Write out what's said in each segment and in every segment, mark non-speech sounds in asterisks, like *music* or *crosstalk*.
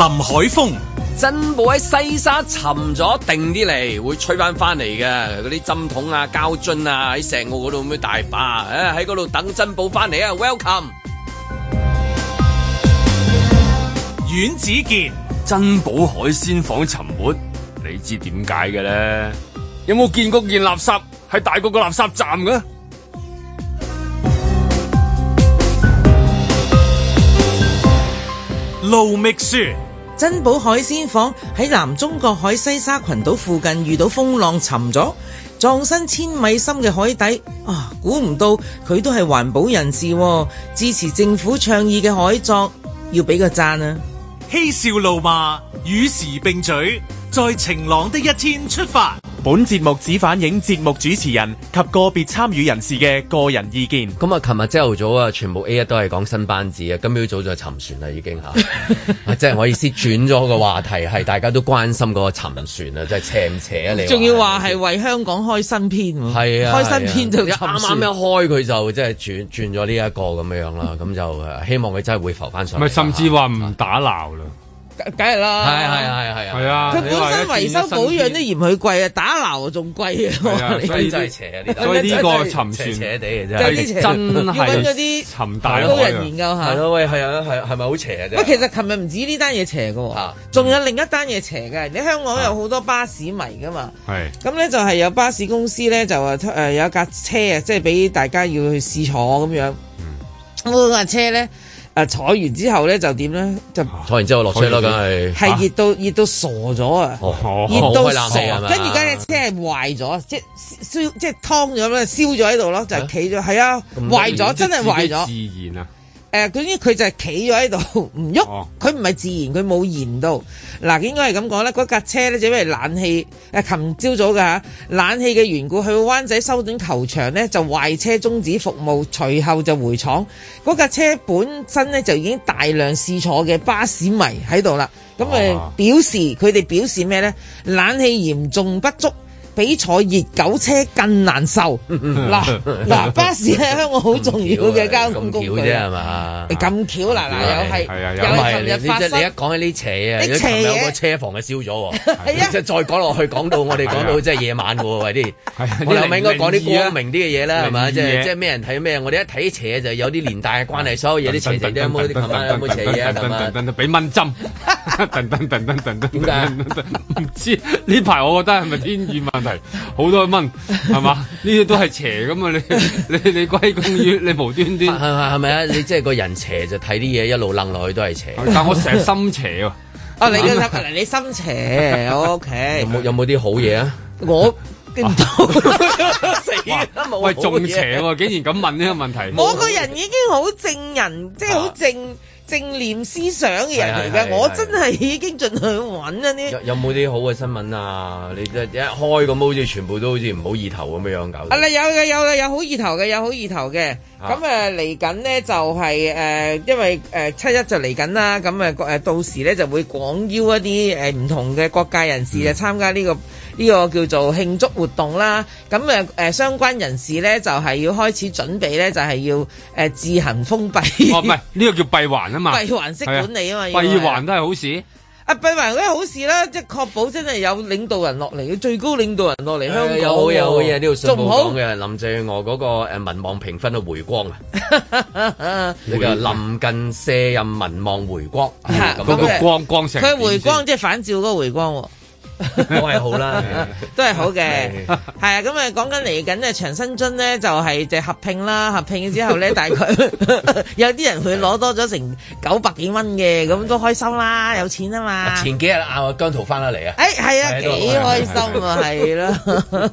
林海峰，珍寶喺西沙沉咗定啲嚟，會吹翻翻嚟嘅。嗰啲針筒啊、膠樽啊，喺成個嗰度咁大把，誒喺嗰度等珍寶翻嚟啊！Welcome，阮子健，珍寶海鮮舫沉沒，你知點解嘅咧？有冇見過件垃圾係大過個垃圾站嘅？盧覓雪。 *music* 珍寶海鮮舫喺南中國海西沙群島附近遇到風浪沉咗，葬身千米深嘅海底。啊，估唔到佢都係環保人士喎，支持政府倡議嘅海葬，要俾個讚啊！嬉笑怒罵，與時並舉，在晴朗的一天出發。本節目只反映節目主持人及個別參與人士嘅個人意見。咁啊，琴日朝頭早啊，全部 A 一都係講新班子啊，今朝早就沉船啦，已經吓、 *laughs* 啊，即係我意思轉咗個話題，係大家都關心嗰個沉船啊，即係扯唔扯啊？你仲要話係為香港開新篇，係啊，開新篇就沉船。啱啱一開佢就即係轉轉咗呢一個咁樣樣啦，咁 *laughs* 就希望佢真係會浮翻上。咪甚至話唔打鬧啦。梗係啦，係係係係啊！佢本身維修保養都嫌佢貴啊，打撈仲貴啊！所以、這個、所以，所以真係、啊、邪啊！所以呢個沉船邪地嘅真係要揾嗰啲大老研究下。係咯，喂，係啊，係係咪好邪啊？不，其實琴日唔止呢單嘢邪嘅，仲有另一單嘢邪嘅。你香港有好多巴士迷噶嘛？係咁咧，就係有巴士公司咧，就誒有一架車啊，即係俾大家要去試坐咁樣。嗯，嗰架車咧。坐完之後咧就點咧？就坐完之後落車咯，梗係係熱到熱到傻咗啊！熱到傻，啊、跟住架車係壞咗，即係燒即係湯咁啦，燒咗喺度咯，就係企咗，係啊，壞咗，啊，真係壞咗。誒，總之佢、呃、就係企咗喺度唔喐，佢唔係自然，佢冇燃到。嗱、啊，應該係咁講咧，嗰架車就因為冷氣誒，琴、啊、朝早噶嚇，冷氣嘅緣故，去灣仔修頓球場呢，就壞車中止服務，隨後就回廠。嗰架車本身呢，就已經大量試坐嘅巴士迷喺度啦，咁、嗯、誒、啊呃、表示佢哋表示咩呢？冷氣嚴重不足。比坐熱狗車更難受。嗱嗱，巴士喺香港好重要嘅交通工具啫係嘛？咁巧嗱嗱又係，又係琴日發生。你一講起呢斜嘢，有個車房就燒咗。係啊，即再講落去，講到我哋講到即係夜晚喎，啲我哋唔應該講啲光明啲嘅嘢啦，係嘛？即係即係咩人睇咩？我哋一睇斜就有啲連帶嘅關係，所有嘢啲斜斜啲冇啲琴日有冇斜嘢啊？琴日俾蚊針，噔噔噔噔噔噔，唔知呢排我覺得係咪天意問題。好 *noise* 多蚊係嘛？呢啲都係邪咁啊！你你你歸功於你無端端係係係咪啊是是？你即係個人邪就睇啲嘢一路楞落去都係邪。 *laughs* 但我成日心邪啊！是是啊你嘅阿伯嚟你心邪，O、okay、K。 *laughs* 有冇有冇啲好嘢啊？ *laughs* 我死啊！冇。 *laughs* 喂仲邪喎、啊？竟然咁問呢個問題。我個人已經好正人，啊、即係好正。正念思想嘅人嚟嘅，是是是是我真係已經盡去揾一啲。有冇啲好嘅新聞啊？你一開咁，好似全部都好似唔好意頭咁嘅樣搞。啊！有嘅有嘅有好意頭嘅，有好意頭嘅。咁誒嚟緊呢，啊、就係、是、誒、呃，因為誒、呃、七一就嚟緊啦。咁誒誒到時呢，就會廣邀一啲誒唔同嘅各界人士嚟、嗯、參加呢、呢個。呢個叫做慶祝活動啦，咁誒誒相關人士咧就係要開始準備咧，就係要誒自行封閉。哦，唔係呢個叫閉環啊嘛，閉環式管理啊嘛，閉環都係好事。啊，閉環嗰啲好事啦，即係確保真係有領導人落嚟，最高領導人落嚟香港。有好嘢，呢個新嘅林鄭月娥嗰個民望評分都回光啊！呢個臨近卸任民望回光，嗰個光光佢回光即係反照嗰個回光。都係好啦，都係好嘅，係啊，咁啊講緊嚟緊嘅長生津咧，就係就合併啦，合併之後咧，大概有啲人佢攞多咗成九百幾蚊嘅，咁都開心啦，有錢啊嘛。前幾日晏我姜濤翻咗嚟啊，誒係啊，幾開心啊，係咯，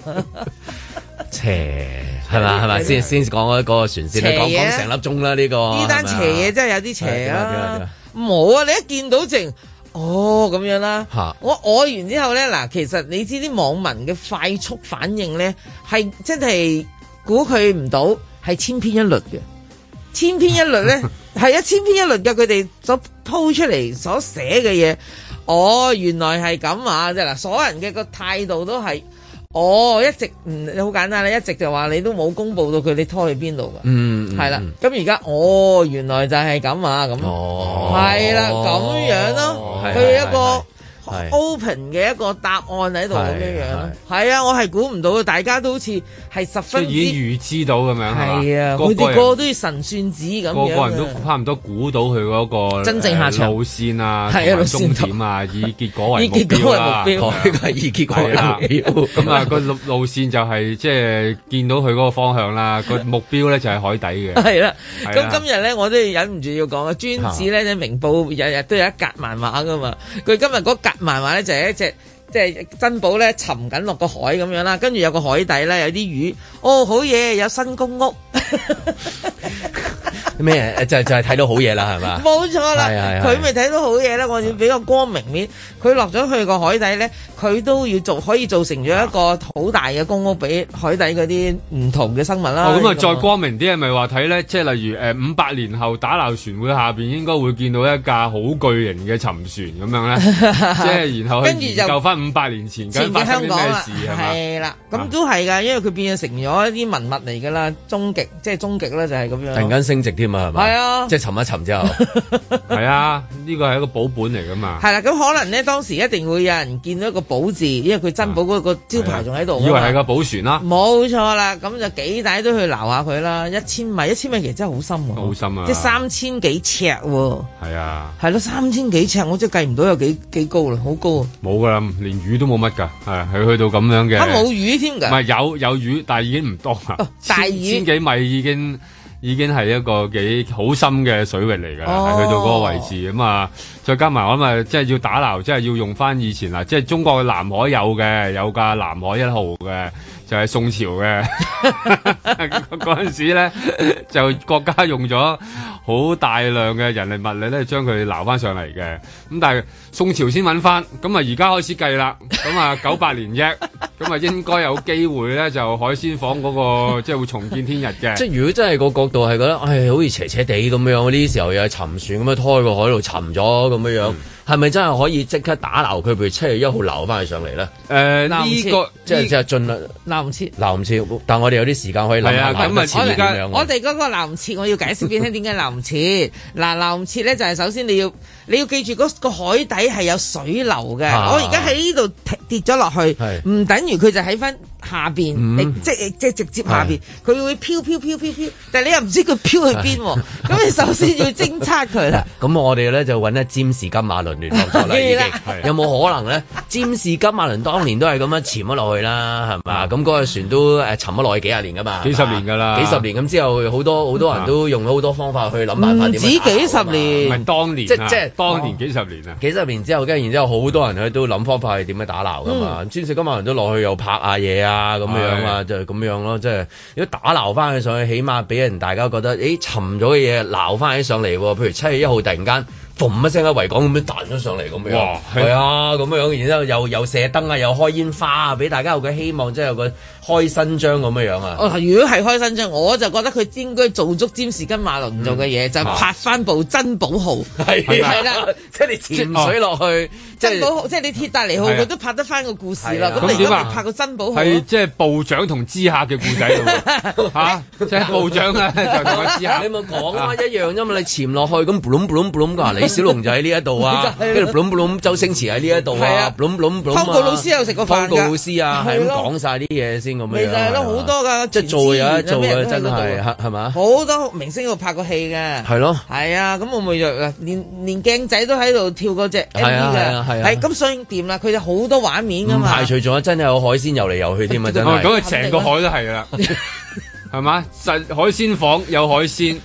邪係嘛係咪？先先講嗰個船先，講講成粒鐘啦呢個，呢單邪嘢真係有啲邪啊。冇啊，你一見到靜。哦，咁樣啦、啊啊，我餓完之後呢，嗱，其實你知啲網民嘅快速反應呢，係真係估佢唔到，係千篇一律嘅。千篇一律呢，係一、 *laughs* 啊、千篇一律嘅，佢哋所鋪出嚟、所寫嘅嘢，哦，原來係咁啊！即係嗱，所有人嘅個態度都係。哦，oh, 一直唔係好簡單啦，一直就話你都冇公布到佢，你拖去邊度㗎？嗯，係、嗯、啦，咁而家哦，原來就係咁啊，咁，係啦、oh, 的，咁樣咯、啊，佢一個。的 Open 嘅一個答案喺度咁樣樣，係啊，我係估唔到，大家都好似係十分之預知到咁樣，係啊，佢哋個個都要神算子咁，個個人都差唔多估到佢嗰個真正下場路線啊，係啊，終點啊，以結果為目標啦，以結果為目標，咁啊，個路線就係即係見到佢嗰個方向啦，個目標咧就係海底嘅。係啦，咁今日咧我都忍唔住要講啊，尊子咧《明報》日日都有一格漫畫㗎嘛，佢今日嗰格。漫畫咧就一隻，慢慢即係珍寶咧沉緊落個海咁樣啦，跟住有個海底咧有啲魚哦，好嘢有新公屋咩？ *laughs* 就是、就係、是、睇到好嘢啦，係嘛、 *laughs* 啊？冇錯啦，佢未睇到好嘢咧，我要俾個光明面。佢落咗去個海底咧，佢都要做，可以造成咗一個好大嘅公屋俾海底嗰啲唔同嘅生物啦。咁啊、哦，再光明啲係咪話睇咧？即係、這個、例如誒五百年後打撈船會下邊應該會見到一架好巨型嘅沉船咁樣咧，即係 *laughs* 然後跟住就翻五百年前，香港啦，係啦，咁都係噶，因為佢變成咗一啲文物嚟噶啦，終極即係終極啦，就係咁樣，突然間升值添啊，係咪？係啊，即係沉一沉之後，係啊，呢個係一個寶本嚟噶嘛。係啦，咁可能咧，當時一定會有人見到一個寶字，因為佢珍寶嗰個招牌仲喺度，以為係個寶船啦。冇錯啦，咁就幾大都去撈下佢啦。一千米，一千米其實真係好深喎，好深啊！即係三千幾尺喎。係啊。係咯，三千幾尺，我真係計唔到有幾幾高啦，好高啊！冇噶啦。連魚都冇乜噶，係、啊、佢去到咁樣嘅，吓冇、啊、魚添噶，唔係有有魚，但係已經唔多啦、哦。大魚千幾米已經已經係一個幾好深嘅水域嚟㗎喇，哦、去到嗰個位置咁啊，再加埋我諗、就是、啊，即係要打撈，即係要用翻以前啊，即係中國南海有嘅有架南海一號嘅，就係、是、宋朝嘅嗰陣時咧，就國家用咗。好大量嘅人力物力咧，將佢撈翻上嚟嘅。咁但係宋朝先揾翻，咁啊而家開始計啦。咁啊九百年啫，咁啊應該有機會咧，就海鮮舫嗰個即係會重見天日嘅。即係如果真係個角度係覺得，唉，好似斜斜地咁樣，呢時候又係沉船咁樣，拖喺個海度沉咗咁樣樣，係咪真係可以即刻打撈佢？譬如七月一號撈翻佢上嚟咧？誒，南遷即係即係盡量南遷南切。但係我哋有啲時間可以諗下啊，遷點我哋嗰個南切，我要解釋俾你聽點解南。唔切嗱，流唔切咧，辣辣就係首先你要你要記住嗰個海底係有水流嘅。啊、我而家喺呢度跌跌咗落去，唔係等於佢就喺翻。下邊，即即直接下邊，佢會飄飄飄飄飄，但係你又唔知佢飄去邊喎。咁你首先要偵測佢啦。咁我哋咧就揾一占士金馬倫聯絡，有冇可能咧？占士金馬倫當年都係咁樣潛咗落去啦，係咪？咁嗰個船都沉咗落去幾十年㗎嘛？幾十年㗎啦。幾十年咁之後，好多好多人都用咗好多方法去諗辦法點樣。唔止幾十年，唔係當年，即即當年幾十年啊？幾十年之後，跟住然之後，好多人去都諗方法係點樣打撈㗎嘛？占士金馬倫都落去又拍下嘢啊！啊，咁樣啊，就係咁樣咯，即係如果打撈翻佢上去，起碼俾人大家覺得，誒、欸，沉咗嘅嘢撈翻起上嚟喎，譬如七月一號突然間，嗯嗯嘣一聲喺維港咁樣彈咗上嚟咁樣，係啊，咁樣然之後又有射燈啊，又開煙花啊，俾大家有個希望，即係有個開新章咁嘅樣啊。哦，如果係開新章，我就覺得佢應該做足占士跟馬倫做嘅嘢，就拍翻部《珍寶號》，係啦，即係你潛水落去《珍寶號》，即係你鐵達尼號佢都拍得翻個故事啦。咁你如果拍個《珍寶號》，係即係部長同知客嘅故仔喎。嚇，即係部長同佢知客。你冇講啊，一樣啫嘛。你潛落去咁噥噥噥噥你。小龍就喺呢一度啊，跟住攞攞攞周星馳喺呢一度啊，攞攞攞啊。方導老師有食過飯㗎。方導老師啊，講晒啲嘢先咁樣。其實係咯，好多㗎。即做有得做嘅，真係係嘛？好多明星喺度拍過戲嘅，係咯。係啊，咁我咪又連連鏡仔都喺度跳嗰隻。係啊係啊係。係咁，所以掂啦？佢哋好多畫面㗎嘛。排除咗真係有海鮮游嚟游去添啊！真係，嗰個成個海都係啦，係嘛？實海鮮房有海鮮，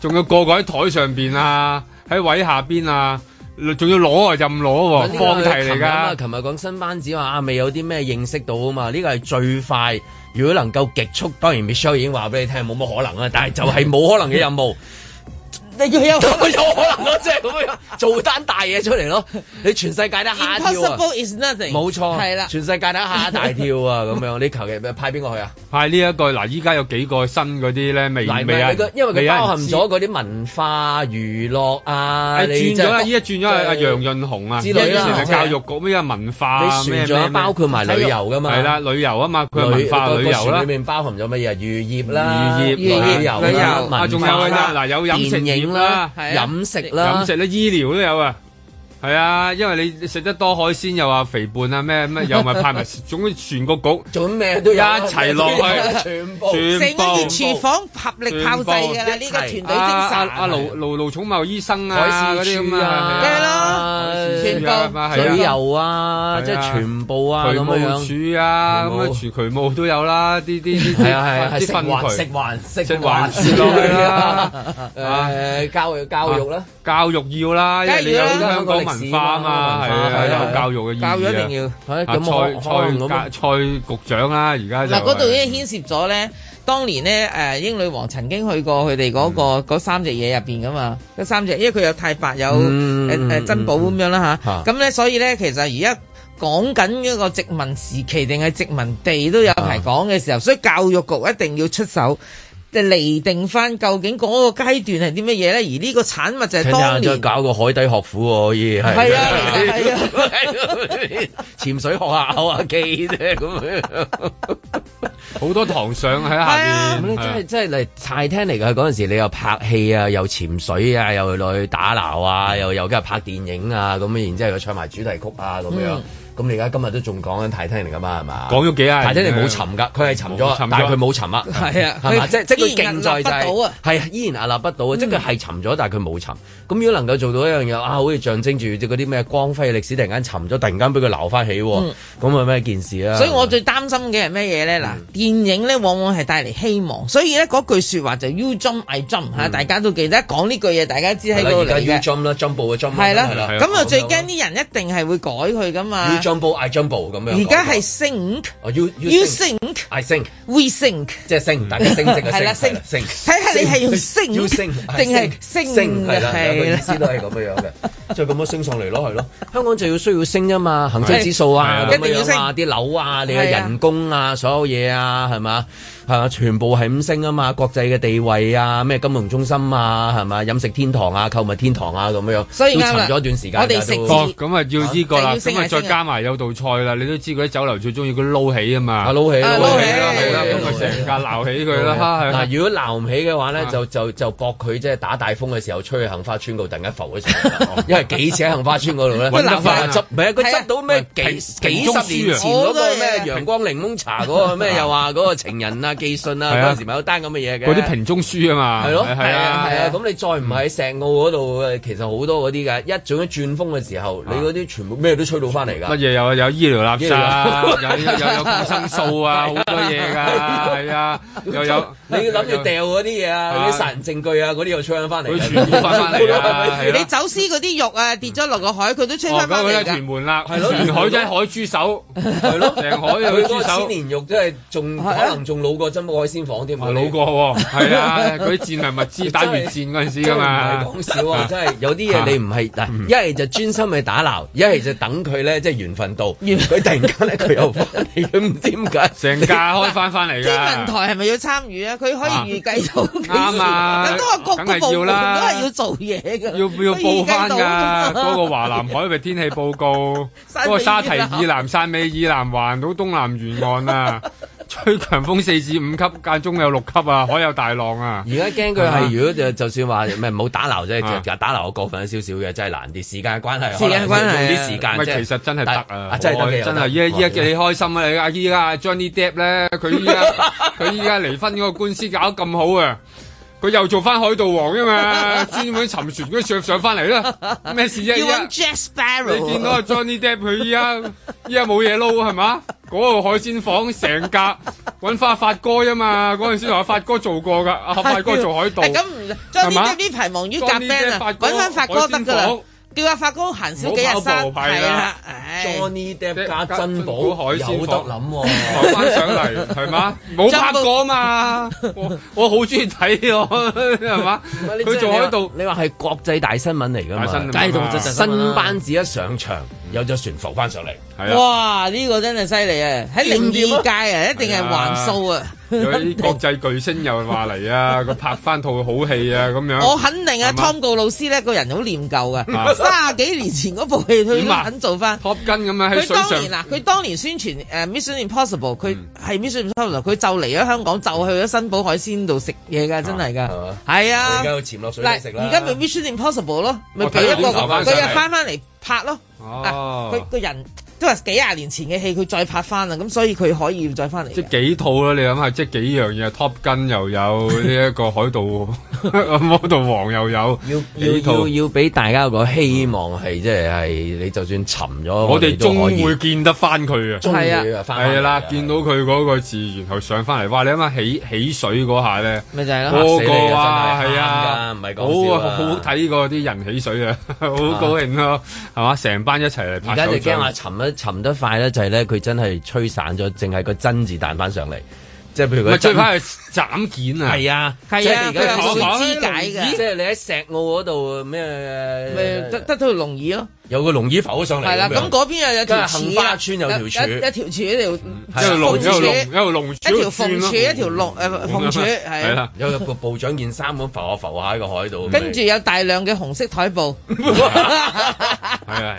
仲有個個喺台上邊啊！喺位下邊啊，仲要攞啊，任攞喎，放題嚟噶。琴日、啊，琴日講新班子話阿、啊、未有啲咩認識到啊嘛，呢個係最快。如果能夠極速，當然 Michelle 已經話俾你聽冇乜可能啊，但係就係冇可能嘅任務。 *laughs* *laughs* 有，可能咯，即係咁樣做單大嘢出嚟咯。你全世界都嚇大跳啊！冇錯，係啦，全世界都嚇大跳啊！咁樣你求其派邊個去啊？派呢一個嗱，依家有幾個新嗰啲咧，未未啊？因為佢包含咗嗰啲文化娛樂啊，轉咗啦，依家轉咗阿楊潤雄啊，依一係教育局咩啊文化，包括埋旅遊噶嘛，係啦，旅遊啊嘛，佢文化旅遊啦，裡面包含咗乜嘢？漁業啦，漁業旅遊，仲有啊嗱，有飲食。點啦？飲食啦，飲食咧，醫療都有啊。係啊，因為你食得多海鮮，又話肥胖啊，咩咩，又咪派埋，總之全個局做咩都一齊落去，全部成個廚房合力炮製噶啦。呢個團隊精神。阿阿盧盧盧寵茂醫生啊，嗰啲咁啊，家旅遊啊，即係全部啊，渠務署啊，咁樣渠渠務都有啦，啲啲啲係啊，係係食環食環食環事啦，誒教育教育啦，教育要啦，因為香港文化啊嘛，係啊，教育嘅意義啊，教育一定要，咁蔡蔡蔡蔡局長啊，而家就嗱嗰度已經牽涉咗咧。當年呢，誒英女王曾經去過佢哋嗰個嗰、嗯、三隻嘢入邊噶嘛，嗰三隻，因為佢有太白有珍、嗯啊啊、寶咁樣啦吓，咁、啊、咧、啊啊、所以咧，其實而家講緊一個殖民時期定係殖民地都有排講嘅時候，啊、所以教育局一定要出手嚟定翻究竟嗰個階段係啲乜嘢咧？而呢個產物就係，當年搞個海底學府可以，係啊，係啊，啊啊啊 *laughs* 潛水學校啊，記啫咁樣。 *laughs* 好 *laughs* 多堂上喺下邊，真係真係 Titanic 嚟㗎嗰陣時，你又拍戲啊，又潛水啊，又去打鬧啊，嗯、又又跟拍電影啊，咁然之後又唱埋主題曲啊，咁樣、嗯。咁你而家今日都仲講緊泰坦尼克嚟噶嘛？係嘛？講咗幾啊？泰坦尼克冇沉噶，佢係沉咗，但係佢冇沉啊！係啊，係嘛？即即佢勁在就係，係依然屹立不倒啊！即佢係沉咗，但係佢冇沉。咁如果能夠做到一樣嘢啊，好似象徵住嗰啲咩光輝歷史突然間沉咗，突然間俾佢撈翻起，咁係咩件事啊？所以我最擔心嘅係咩嘢咧？嗱，電影咧往往係帶嚟希望，所以咧句説話就 U jump I jump 大家都記得講呢句嘢，大家知喺度嚟嘅。而家 U jump 啦，jump 步嘅 jump 啦，係啦係啦。咁啊最驚啲人一定係會改佢噶嘛。Jump up, I jump up 咁樣。而家係 think，you you think，I think，we think 即係升，大家升，升，升。n 係啦 think，睇下你係用升定係升？係啦，兩個意思都係咁嘅樣嘅，就咁樣升上嚟咯，係咯。香港就要需要升啊嘛，恒生指數啊，一定要升啊，啲樓啊，你嘅人工啊，所有嘢啊，係嘛？係嘛，全部係五星啊嘛，國際嘅地位啊，咩金融中心啊，係嘛，飲食天堂啊，購物天堂啊咁樣樣，都沉咗一段時間啦。我哋食，咁啊要呢個啦，咁啊再加埋有道菜啦，你都知佢啲酒樓最中意嗰撈起啊嘛，啊撈起啦，撈起，咁啊成架撈起佢啦。嗱，如果撈唔起嘅話咧，就就就搏佢即係打大風嘅時候吹去杏花村度，突然間浮一陣，因為幾次喺杏花村嗰度咧？揾大塊執，係佢執到咩幾幾十年前嗰個咩陽光檸檬茶嗰個咩又話嗰個情人啊？寄信啊！嗰陣時咪有單咁嘅嘢嘅，嗰啲瓶中書啊嘛，係咯，係啊，係啊，咁你再唔喺石澳嗰度，其實好多嗰啲嘅，一早一轉風嘅時候，你嗰啲全部咩都吹到翻嚟㗎。乜嘢有有醫療垃圾啊？有有有抗生素啊？好多嘢㗎，係啊，又有你諗住掉嗰啲嘢啊？啲殺人證據啊？嗰啲又吹緊翻嚟。佢傳翻翻嚟你走私嗰啲肉啊，跌咗落個海，佢都吹翻翻嚟㗎。咁咪屯門啦，係咯，海真係海豬手，係咯，成海都係海豬手。千年肉真係仲可能仲老過。我真冇海鮮房添，老過喎、哦。係啊，佢戰民物資 *laughs* 打完戰嗰陣時㗎嘛。講笑啊、 *laughs* *laughs* *laughs* 嗯，真係有啲嘢你唔係嗱，一係就專心去打撈，一係就等佢咧，即係緣分到。佢突然間咧，佢又翻嚟，唔知點解，成架開翻翻嚟㗎？天文台係咪要參與啊？佢可以預計到啱啊。咁都係梗係要啦，都係要做嘢㗎。 *laughs* 要不要報翻㗎。嗰 *laughs* 個華南海域天氣報告，嗰 *laughs* 伊 *laughs* 個沙堤以南、汕尾以南環、環島東南沿岸啊。吹強風四至五級，間中有六級啊！海有大浪啊！而家驚佢係如果就就算話唔係冇打鬧啫，其實打鬧我過分少少嘅，真係難啲。時間關係，時間關係，唔係其實真係得啊！真係真係依家依家叫你開心啊！依家依家 Johnny Depp 咧，佢依家佢依家離婚嗰個官司搞得咁好啊！佢又做翻海盜王啊嘛，專揾沉船嗰上上翻嚟啦，咩事啫、啊？Jack Sparrow 你見到阿 Johnny Depp 佢依家依家冇嘢撈係嘛？嗰個海鮮舫成格揾翻阿發哥啊嘛，嗰陣時同阿發哥做過㗎，阿俠發哥做海盜。咁 Johnny Depp 呢排忙於夾咩？揾翻發哥得㗎啦。 *laughs* 叫阿發哥行少幾日山係啦，Johnny Depp 加珍寶海鮮舫有得諗喎，跑翻上嚟係嗎？冇拍過嘛，我我好中意睇我係嗎？佢仲喺度，你話係國際大新聞嚟㗎嘛？新度新班子一上場，有隻船浮翻上嚟，哇！呢個真係犀利啊！喺零點界啊，一定係橫掃啊！有啲國際巨星又話嚟啊，佢拍翻套好戲啊，咁樣。我肯定啊，湯告魯斯咧，個人好念舊噶，卅幾年前嗰部戲，佢都肯做翻。Top Gun 咁啊，佢當年嗱，佢當年宣傳誒《Mission Impossible》，佢係《Mission Impossible》，佢就嚟咗香港，就去咗新寶海鮮度食嘢噶，真係噶，係啊。而家而家咪《Mission Impossible》咯，咪俾一個佢又翻翻嚟拍咯。啊！佢個人。都係幾廿年前嘅戲，佢再拍翻啦，咁所以佢可以再翻嚟。即係幾套啦，你諗下，即係幾樣嘢，Top Gun 又有呢一個海盜，魔盜王又有，要要要俾大家個希望，係即係係你就算沉咗，我哋終會見得翻佢啊！係啊，係啦，見到佢嗰個字然後上翻嚟，哇！你諗下起起水嗰下咧，咪就係咯，個個啊，係啊，好啊，好睇過啲人起水啊，好高興咯，係嘛？成班一齊嚟。而家就驚阿沉沉得快咧，就係咧佢真係吹散咗，淨係個真字彈翻上嚟，即係譬如佢。咪吹翻去斬件啊！係啊，係啊，即係而家肢解嘅。即係你喺石澳嗰度咩？咪得得到龍椅咯？有個龍椅浮咗上嚟。係啦，咁嗰邊又有條柱啦。杏花村有條一條柱，一條。一條龍柱，一條龍柱，一條鳳柱，一條龍誒柱。係啦，有個部長件衫咁浮下浮下喺個海度。跟住有大量嘅紅色台布。係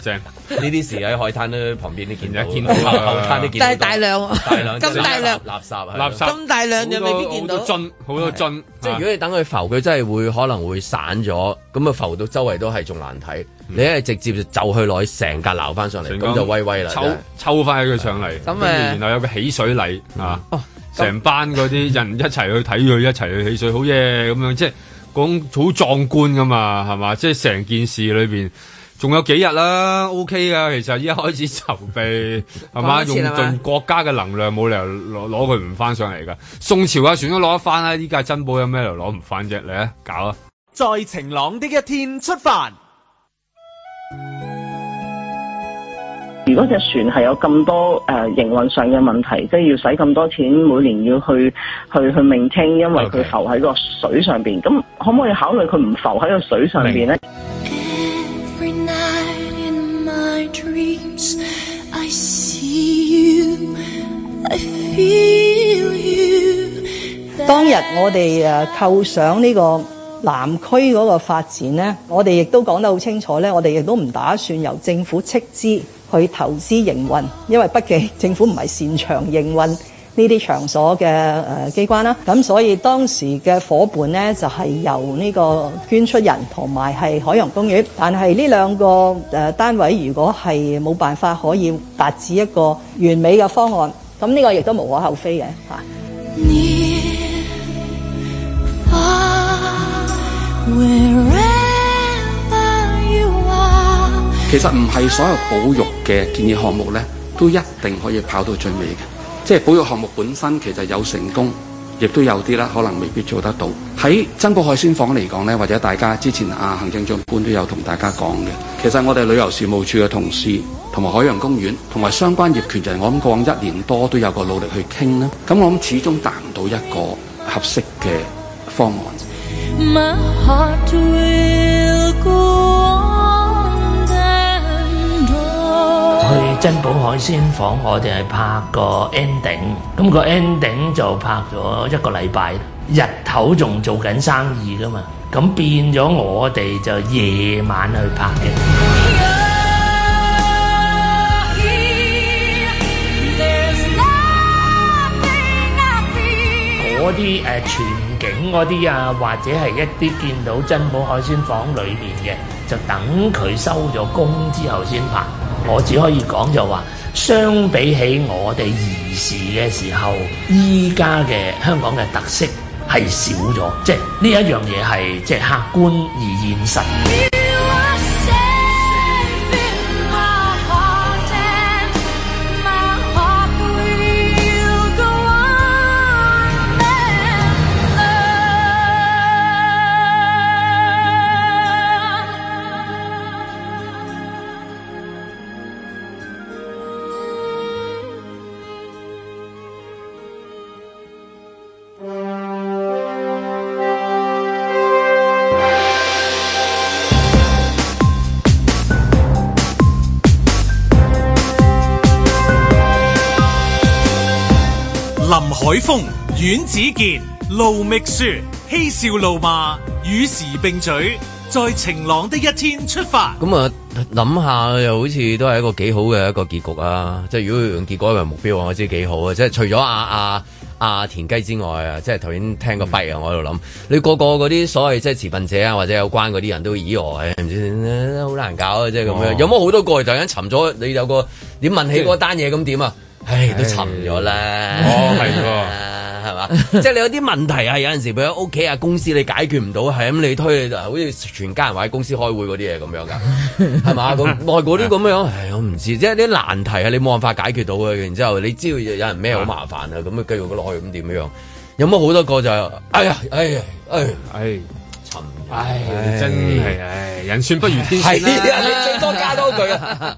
正呢啲事喺海灘咧，旁邊啲見到，見到後後灘啲見到，但係大量，大量，咁大量垃圾，垃圾咁大量，又未必見到樽，好多樽。即係如果你等佢浮，佢真係會可能會散咗，咁啊浮到周圍都係仲難睇。你係直接就去攞，成架撈翻上嚟，咁就威威啦，抽抽翻佢上嚟，咁然後有個起水禮啊，成班嗰啲人一齊去睇佢，一齊去起水，好嘢咁樣，即係講好壯觀噶嘛，係嘛？即係成件事裏邊。仲有幾日啦，OK 噶，其實依家開始籌備，係嘛 *laughs* 吧用盡國家嘅能量，冇理由攞攞佢唔翻上嚟噶。宋朝嘅船都攞得翻啦，依家珍寶有咩理由攞唔翻啫？嚟啊，搞啊！在晴朗的一天出發。如果隻船係有咁多誒營運上嘅問題，即、就、係、是、要使咁多錢，每年要去去去，去明清，因為佢浮喺個水上邊，咁 Okay. 可唔可以考慮佢唔浮喺個水上邊咧？You, 當日我哋誒構想呢個南區嗰個發展呢，我哋亦都講得好清楚。呢我哋亦都唔打算由政府斥資去投資營運，因為畢竟政府唔係擅長營運呢啲場所嘅誒機關啦。咁所以當時嘅夥伴呢，就係由呢個捐出人同埋係海洋公園，但係呢兩個誒單位如果係冇辦法可以達至一個完美嘅方案。咁呢個亦都無可厚非嘅嚇。其實唔係所有保育嘅建議項目呢，都一定可以跑到最尾嘅。即保育項目本身其實有成功。亦都有啲啦，可能未必做得到。喺珍寶海鮮舫嚟講咧，或者大家之前啊，行政長官都有同大家講嘅。其實我哋旅遊事務處嘅同事同埋海洋公園同埋相關業權人，我諗過往一年多都有個努力，去傾啦。咁我諗始終達唔到一個合適嘅方案。My heart will go. 珍寶海鮮舫，我哋係拍個 ending，咁個 ending 就拍咗一個禮拜，日頭仲做緊生意噶嘛，咁變咗我哋就夜晚去拍嘅。嗰啲誒全景嗰啲啊，或者係一啲見到珍寶海鮮舫裏面嘅，就等佢收咗工之後先拍。我只可以講就話，相比起我哋兒時嘅時候，依家嘅香港嘅特色係少咗，即係呢一樣嘢係即係客觀而現實。海峰、阮子健、路覓雪，嬉笑怒罵，與時並嘴，在晴朗的一天出發。咁啊、嗯，諗下又好似都係一個幾好嘅一個結局啊！即係如果用結果為目標，我知幾好啊！即係除咗阿阿阿田雞之外啊，即係頭先聽個弊啊，嗯、我喺度諗，你個個嗰啲所謂即係持份者啊，或者有關嗰啲人都以外，咦哦，唔知好難搞啊！即係咁樣，有冇好多過嚟突然間沉咗？你有個點問起嗰單嘢咁點啊？嗯唉，都沉咗啦。 *laughs* 哦，係喎，係嘛， *laughs* 即係你有啲問題啊，有陣時譬如屋企啊、公司你解決唔到，係咁你推你就，好似全家人或者公司開會嗰啲嘢咁樣噶，係嘛？外國啲咁樣，唉，我唔知，即係啲難題啊，你冇辦法解決到嘅。然之後你知道有人咩好麻煩啊，咁啊 *laughs* 繼續落去咁點樣樣？有冇好多個就係，哎呀，哎呀，哎，唉，沉，唉，真係，唉，唉，人算不如天算啊！ *laughs* *laughs* 你最多加多句啊！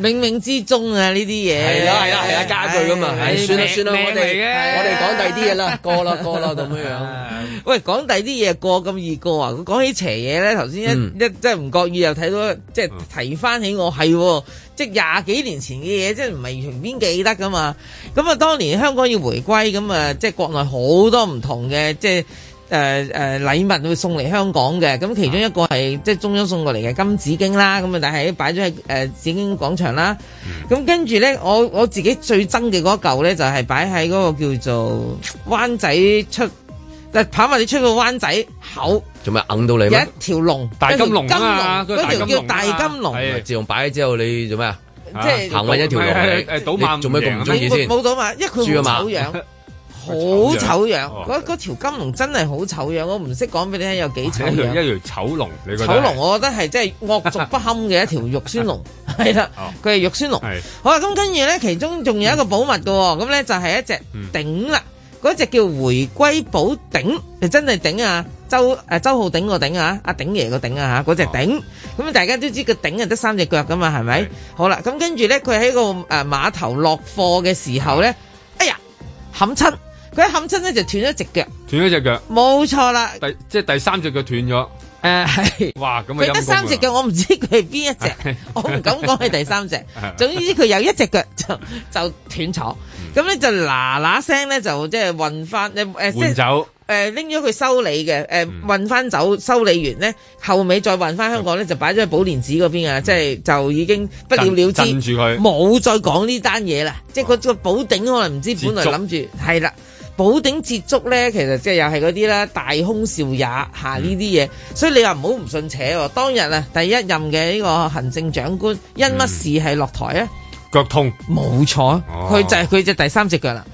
冥冥之中啊，呢啲嘢係啊係啊係啊，家具咁嘛，係、哎、算啦算啦，我哋我哋講第啲嘢啦，過啦過啦咁樣樣。喂，講第啲嘢過咁易過啊！講起邪嘢咧，頭先一、嗯、一即係唔覺意又睇到，即係提翻起我係、嗯，即係廿幾年前嘅嘢，即係唔係完全記得噶嘛？咁啊，當年香港要回歸，咁啊，即係國內好多唔同嘅即係。即誒誒禮物會送嚟香港嘅，咁其中一個係即係中央送過嚟嘅金紫荊啦，咁啊，但係擺咗喺誒紫荊廣場啦。咁跟住咧，我我自己最憎嘅嗰嚿咧就係擺喺嗰個叫做灣仔出，但跑埋你出個灣仔口，做咩硬到你一條龍大金龍啊！嗰條叫大金龍，自從擺咗之後，你做咩啊？即係行運一條龍，做咩咁唔中意先？冇到嘛，因為佢冇草好醜樣，嗰、哦、條金龍真係好醜樣，我唔識講俾你聽有幾醜樣。一條一醜龍，你覺醜龍，我覺得係真係惡俗不堪嘅一條肉酸龍，係啦， *laughs* 佢係玉尊龍肉酸龍。的好啦，咁跟住咧，其中仲有一個寶物嘅，咁咧、嗯、就係一隻鼎啦。嗰隻、嗯、叫回歸寶鼎，係真係鼎啊，周誒、呃、周浩鼎個鼎啊，阿、啊、鼎爺個鼎啊嚇，嗰隻鼎。咁、哦、大家都知個鼎啊得三隻腳噶嘛，係咪？好啦，咁跟住咧，佢喺個誒碼頭落貨嘅時候咧的，哎呀，冚親！佢一冚親咧就斷咗隻腳，斷咗隻腳，冇錯啦。第即係第三隻腳斷咗，誒係。哇咁啊，陰功。佢得三隻腳，我唔知佢係邊一隻，我唔敢講佢第三隻。總之佢有一隻腳就就斷咗，咁咧就嗱嗱聲咧就即係運翻。誒誒，走，誒拎咗佢修理嘅，誒運翻走修理完咧，後尾再運翻香港咧就擺咗喺寶蓮寺嗰邊啊，即係就已經不了了之。鎮住佢。冇再講呢單嘢啦，即係個個寶頂可能唔知本來諗住係啦。寶鼎接觸呢，其實即係又係嗰啲啦，大空少也嚇呢啲嘢，所以你話唔好唔信邪喎。當日啊，第一任嘅呢個行政長官因乜事係落台啊，嗯？腳痛，冇錯，佢就係佢隻第三隻腳啦。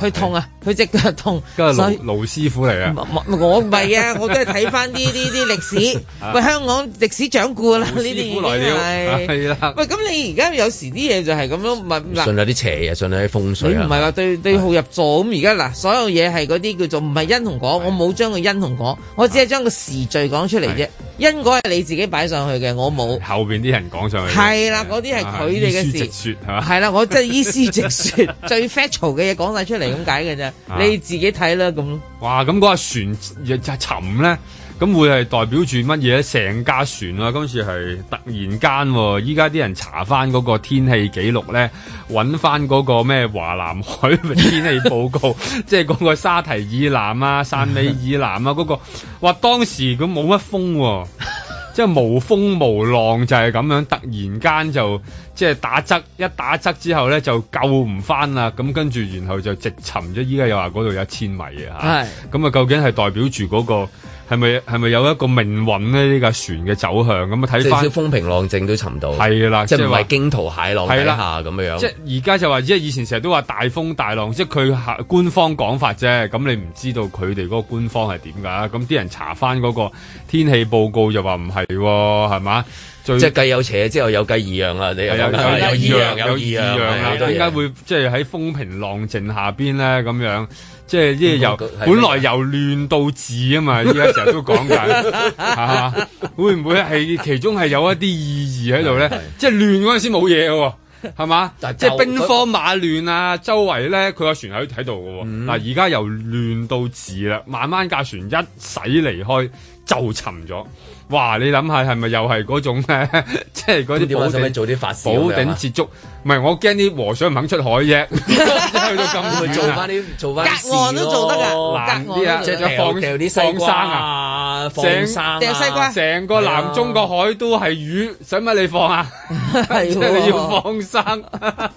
佢痛啊！佢隻腳痛，係盧師傅嚟啊！我唔係啊，我都係睇翻啲呢啲歷史，喂，香港歷史掌故啦，呢啲係咪？係啦，喂，咁你而家有時啲嘢就係咁樣，唔係嗱，信下啲邪啊，信下啲風水啊，你唔係話對對號入座咁，而家嗱，所有嘢係嗰啲叫做唔係因同果，我冇將個因同果，我只係將個時序講出嚟啫。因果係你自己擺上去嘅，我冇後邊啲人講上去，係啦，嗰啲係佢哋嘅事。直、啊、說係嘛，係、啊、啦，我即係依書直說， *laughs* 最 fatal 嘅嘢講晒出嚟咁解嘅啫，啊、你自己睇啦咁。哇，咁嗰個船就沉咧。咁會係代表住乜嘢咧？成架船啊，今次係突然間、哦，依家啲人查翻嗰個天氣記錄咧，揾翻嗰個咩華南海嘅天氣報告， *laughs* 即係嗰個沙提以南啊、汕尾以南啊嗰、嗰個，話當時咁冇乜風、啊， *laughs* 即係無風無浪就係咁樣，突然間就即係打側一打側之後咧就救唔翻啦。咁跟住然後就直沉咗，依家又話嗰度有一千米嘅吓。係咁啊，究竟係代表住嗰、嗰個？係咪係咪有一個命運咧？呢架船嘅走向咁啊？睇翻少少風平浪靜都沉到，係啦，即係唔係驚濤駭浪底下咁的樣。即係而家就話，即係以前成日都話大風大浪，即係佢官方講法啫。咁你唔知道佢哋嗰個官方係點噶？咁啲人查翻嗰個天氣報告就話唔係，係嘛？即係計有邪，之後有計異樣啊！你有 *laughs* 有異樣，有異樣啊！點解的會即係喺風平浪靜下邊咧？咁樣？即係即係由、嗯、本來由亂到治啊嘛，依家成日都講緊，嚇 *laughs* 會唔會係其中係有一啲意義喺度咧？ *laughs* 即係亂嗰陣時冇嘢喎，係嘛？ *laughs* 就即係兵荒馬亂啊，周圍咧佢個船喺喺度㗎喎。嗱、嗯，而家由亂到治啦，慢慢架船一駛離開就沉咗。哇！你諗下，係咪又係嗰種咧？即係嗰啲法事？保頂接觸，唔係我驚啲和尚唔肯出海啫。去到咁去做翻啲做翻，隔岸都做得噶，隔岸即係放掉啲放生啊，放生掟西瓜，成個南中國海都係魚，使乜你放啊？即係你要放生，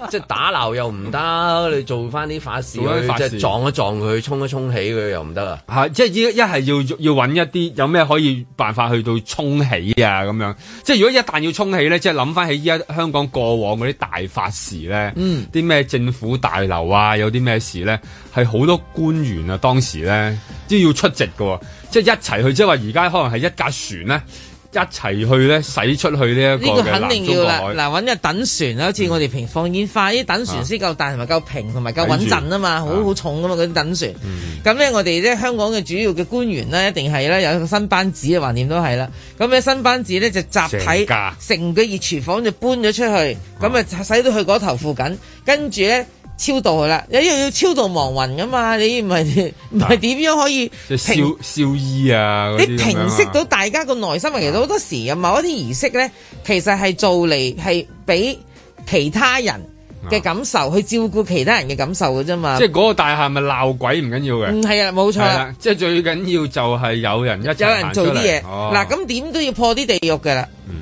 即係打撈又唔得，你做翻啲法事即撞一撞佢，沖一沖起佢又唔得啦。係即係一一係要要揾一啲有咩可以辦法去到，沖起啊咁樣，即係如果一旦要沖起咧，即係諗翻起依家香港過往嗰啲大法事咧，啲咩、嗯、政府大樓啊，有啲咩事咧，係好多官員啊，當時咧都要出席㗎、哦，即係一齊去，即係話而家可能係一架船咧。一齊去咧，使出去呢一個嘅南中國海。呢個肯定要啦，嗱，揾個等船啦，好似、嗯、我哋平放煙花啲等船先夠大，同埋夠平，同埋夠穩陣啊嘛，好好、啊、重噶嘛嗰啲等船。咁咧、嗯，我哋咧香港嘅主要嘅官員咧，一定係咧有一個新班子，橫掂都係啦。咁咧新班子咧就集體成家個熱廚房就搬咗出去，咁啊使到去嗰頭附近，跟住咧。超度佢啦，一樣要超度亡魂噶嘛。你唔係唔係點樣可以？即係笑笑醫啊！你平息到大家個內心，其實好多時有某一啲儀式咧，其實係做嚟、係俾其他人嘅感受，去照顧其他人嘅感受噶啫嘛。即係嗰個大廈咪鬧鬼唔緊要嘅。唔係啊，冇錯啦。即係最緊要就係有人一有人做啲嘢。嗱，咁點都要破啲地獄噶啦。嗯，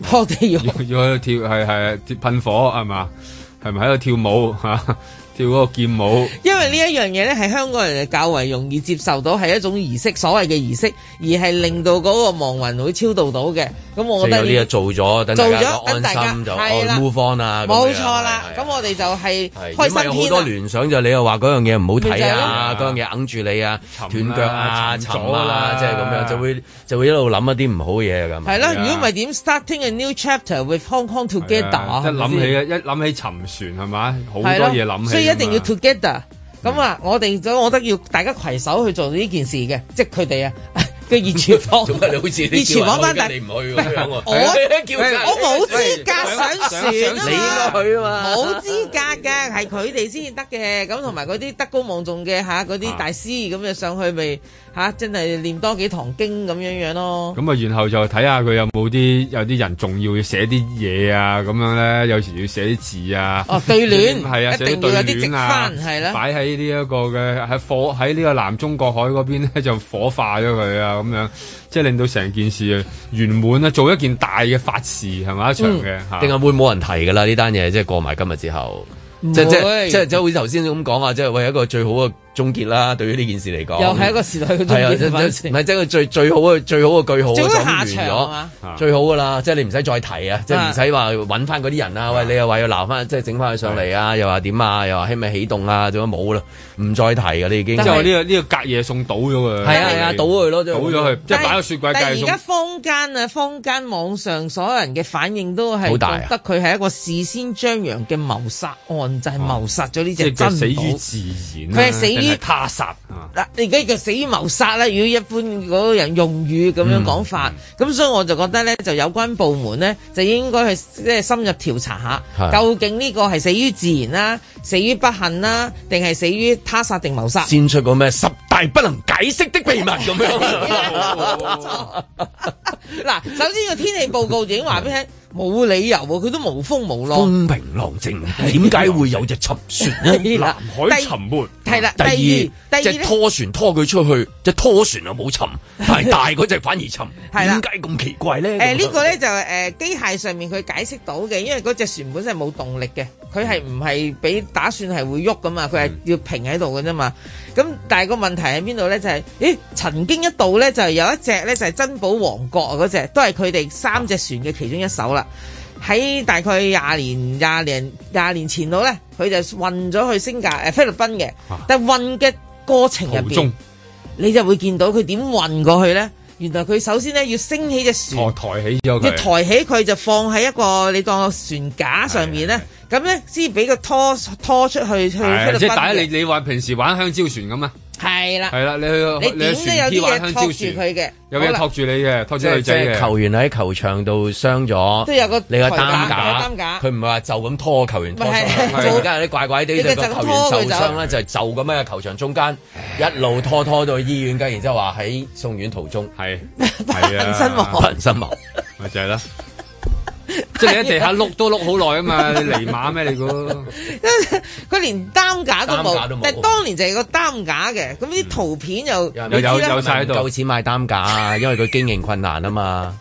破地獄要去跳係係噴火係嘛？係咪喺度跳舞嚇？啊跳嗰個劍舞，因為呢一樣嘢咧，係香港人係較為容易接受到，係一種儀式，所謂嘅儀式，而係令到嗰個亡魂會超渡到嘅。咁我哋有呢個做咗，等大家安安方啦。冇錯啦，咁我哋就係開新天，好多聯想就你又話嗰樣嘢唔好睇啊，嗰樣嘢揞住你啊，斷腳啊，沉啊，即係咁樣就會就會一路諗一啲唔好嘢咁。係啦，如果唔係點？Starting a new chapter with Hong Kong together。一諗起一諗起沉船係咪？好多嘢諗起。一定要 together，咁啊，我哋咁，我覺得要大家攜手去做呢件事嘅，即係佢哋啊嘅熱廚房。熱廚房翻嚟唔去喎，我我冇資格上船，你應該去啊嘛，冇資格噶，係佢哋至先得嘅，咁同埋嗰啲德高望重嘅吓，嗰啲大師咁就上去咪。吓、啊，真係念多幾堂經咁樣樣咯。咁啊，然後就睇下佢有冇啲有啲人仲要寫啲嘢啊，咁樣咧，有時要寫啲字啊。哦， *laughs* 對聯係啊，一定要有啲直幡，係啦，擺喺呢一個嘅喺火喺呢個南中國海嗰邊咧就火化咗佢啊，咁樣即係令到成件事啊，圓滿啊，做一件大嘅法事係咪？一場嘅吓。定係、嗯、的會冇人提噶啦呢單嘢，即係過埋今日之後，是即即即即會頭先咁講啊，即係為一個最好嘅。終結啦！對於呢件事嚟講，又係一個時代嘅終結。唔係即係最最好嘅最好嘅句號，講完咗，最好噶啦！即係你唔使再提啊！即係唔使話揾翻嗰啲人啊！喂，你又話要鬧翻，即係整翻佢上嚟啊！又話點啊？又話起咪起動啊？做乜冇啦？唔再提噶啦，已經。即係呢個呢個隔夜餸倒咗喎。係啊係啊，倒佢咯倒咗佢，即係擺喺雪櫃。但係而家坊間啊，坊間網上所有人嘅反應都係覺得佢係一個事先張揚嘅謀殺案，就係謀殺咗呢隻珍寶。佢係死於自然。死於他殺嗱，你而家叫死於謀殺咧？如果一般嗰人用語咁樣講法，咁、嗯嗯、所以我就覺得咧，就有關部門咧就應該係即係深入調查下，是究竟呢個係死於自然啦、啊、死於不幸啦、啊，定係死於他殺定謀殺？先出個咩十大不能解釋的秘密咁樣？嗱，首先個天氣報告就已經話俾你聽。 *laughs* 冇理由喎，佢都無風無浪，風平浪靜，點解會有隻沉船呢？ *laughs* 南海沉沒係啦， *laughs* 第二隻二拖船拖佢出去，隻拖船又冇沉，但係大嗰隻反而沉，係點解咁奇怪咧？誒、 *laughs* 呃，這個、呢個咧就誒機、呃、械上面佢解釋到嘅，因為嗰隻船本身係冇動力嘅，佢係唔係俾打算係會喐噶嘛？佢係要平喺度嘅啫嘛。咁、嗯、但係個問題喺邊度咧？就係、是、咦，曾經一度咧就有一隻咧就係珍寶王國嗰隻都係佢哋三隻船嘅其中一艘啦。喺大概廿年、廿零、廿年前度咧，佢就運咗去星加誒菲律賓嘅。啊、但運嘅過程入邊，途中你就會見到佢點運過去咧。原來佢首先咧要升起隻船，抬起要抬起佢就放喺一個你當個船架上面咧。咁咧先俾佢拖拖出去去菲律賓。即係，第一你你話平時玩香蕉船咁啊？係啦，係啦，你去你點都有啲嘢托住佢嘅，有嘢托住你嘅，托住佢仔即係球員喺球場度傷咗，都有個嚟個擔架，擔架佢唔係話就咁拖球員，唔係係而家有啲怪怪哋，個球員受傷咧就係就咁樣嘅球場中間一路拖拖到醫院跟然之後話喺送院途中係係啊身亡人身亡咪就係啦。即係你喺地下碌都碌好耐啊嘛， *laughs* 你泥馬咩你估？佢 *laughs* 連擔架都冇，都但係當年就係個擔架嘅。咁啲、嗯、圖片又又有晒喺度，冇錢買擔架， *laughs* 因為佢經營困難啊嘛，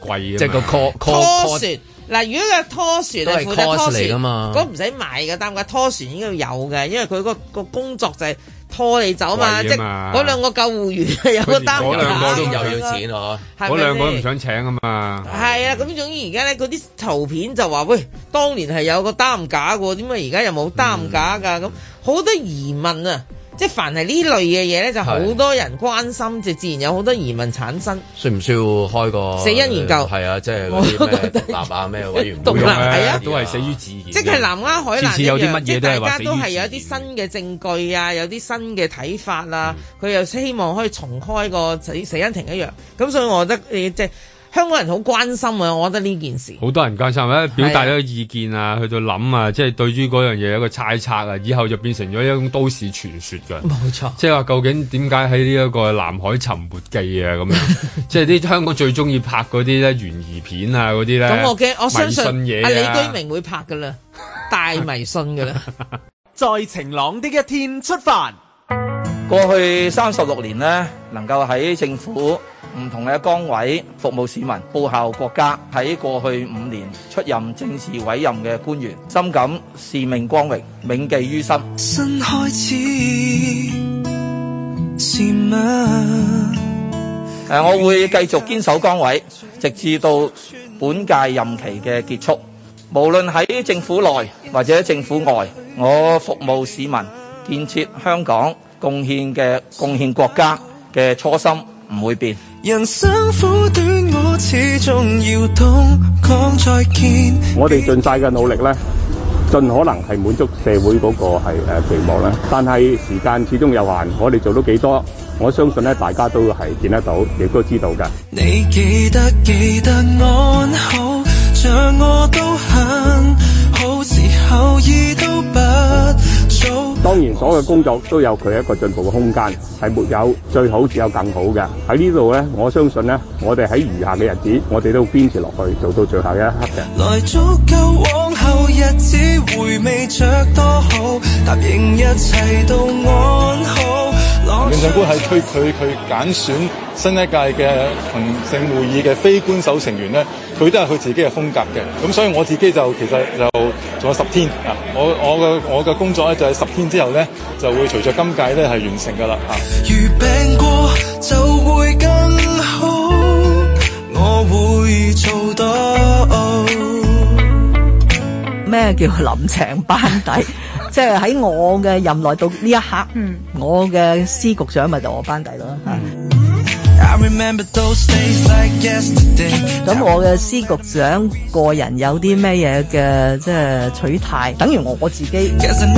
貴啊 *laughs* 嘛。即係個拖拖船嗱，如果個拖船係副拖船嚟噶嘛，嗰唔使買嘅擔架拖船應該有嘅，因為佢個個工作就係、是。拖你走嘛，喂即係嗰兩個救護員有個擔架，嗰兩個都又要錢嗬、啊，嗰兩個唔想請啊嘛。係、嗯、啊，咁總之而家咧嗰啲圖片就話喂，當年係有個擔架嘅，點解而家又冇擔架噶？咁好、嗯、多疑問啊！即係凡係呢類嘅嘢咧，就好多人關心，就自然有好多疑問產生。需唔需要開個死因研究？係啊，即係嗰啲立啊咩，都用嘅，都係死於自然。即係南丫海難，次次有啲乜嘢，大家都係有啲新嘅證據啊，有啲新嘅睇法啦、啊。佢、嗯、又希望可以重開個死死因庭一樣。咁所以，我覺得誒即係。香港人好關心啊，我覺得呢件事好多人關心，啊，咧表達咗個意見啊，是啊去到諗啊，即係對於嗰樣嘢有個猜測啊，以後就變成咗一種都市傳說噶，冇沒錯。即係話究竟點解喺呢一個南海沉沒記啊咁樣， *laughs* 即係啲香港最中意拍嗰啲咧懸疑片啊嗰啲咧，呢 *laughs* 我我相信嘢。阿李居明會拍噶啦， *laughs* 大迷信噶啦，在晴朗的一天出發。過去三十六年呢，能夠喺政府。唔同嘅崗位服務市民、報效國家。喺過去五年出任政治委任嘅官員，深感使命光榮，銘記於心。新開始是嗎？誒，我會繼續堅守崗位，直至到本屆任期嘅結束。無論喺政府內或者政府外，我服務市民、建設香港、貢獻嘅貢獻國家嘅初心唔會變。 *music* 人生苦短，我始終要懂。講再見。我哋盡晒嘅努力咧，盡可能係滿足社會嗰個係誒期望啦。但係時間始終有限，我哋做到幾多，我相信咧大家都係見得到，亦都知道㗎。你記得，記得安好，好，像我都很好，時候已都不。 *music* 當然，所有嘅工作都有佢一個進步嘅空間，係沒有最好，只有更好嘅。喺呢度呢，我相信呢，我哋喺餘下嘅日子，我哋都堅持落去，做到最後一刻嘅。來足夠往後日子回味着多好，答應一切都安好。一行政官係佢佢佢揀選新一屆嘅行政會議嘅非官守成員咧，佢都係佢自己嘅風格嘅。咁所以我自己就其實就做咗十天啊，我我嘅我嘅工作咧就係十天之後咧就會隨着今屆咧係完成噶啦啊。如病過就會更好。我會做得。咩叫林鄭班底？即係喺我嘅任內到呢一刻，嗯、我嘅司局長咪就我班底咯，嚇。咁我嘅司局長個人有啲咩嘢嘅即係取態，等於我自己，say,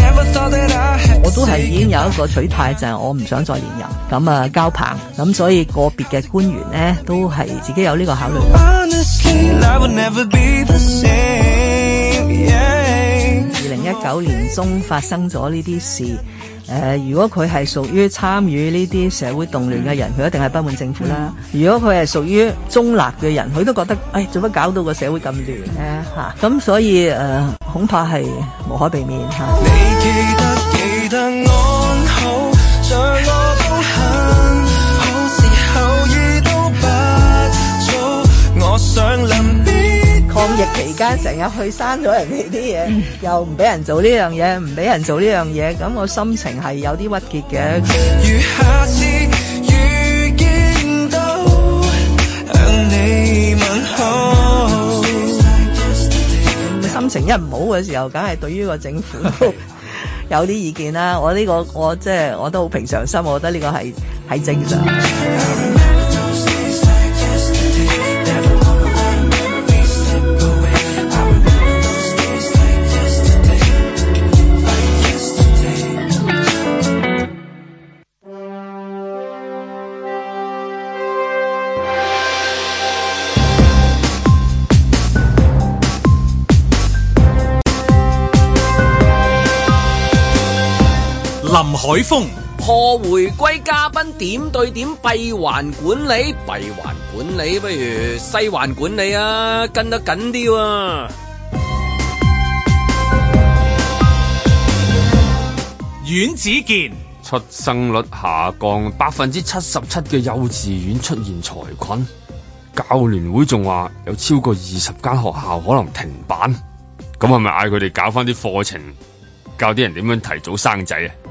我都係已經有一個取態，就係、是、我唔想再連任。咁、嗯、啊交棒，咁所以個別嘅官員咧都係自己有呢個考慮。一九年中發生咗呢啲事，誒、呃，如果佢係屬於參與呢啲社會動亂嘅人，佢一定係不滿政府啦。嗯、如果佢係屬於中立嘅人，佢都覺得，誒、哎，做乜搞到個社會咁亂咧？嚇、啊，咁、啊啊、所以誒、呃，恐怕係無可避免、啊、你記得，記得安好，我都好時候已都不早。我想。抗疫期間成日去刪咗人哋啲嘢又唔俾人做呢樣嘢，唔俾人做呢樣嘢，咁我心情係有啲鬱結嘅。 *music* 心情一唔好嘅時候，梗係對於個政府有啲意見啦。我呢個我即係我都好平常心，我覺得呢個係係正常。 *music* 海豐破回歸嘉賓點對點閉環管理，閉環管理不如西環管理啊，跟得緊啲啊。阮子健出生率下降百分之七十七嘅幼稚園出現財困，教聯會仲話有超過二十間學校可能停辦，咁係咪嗌佢哋搞翻啲課程教啲人點樣提早生仔啊？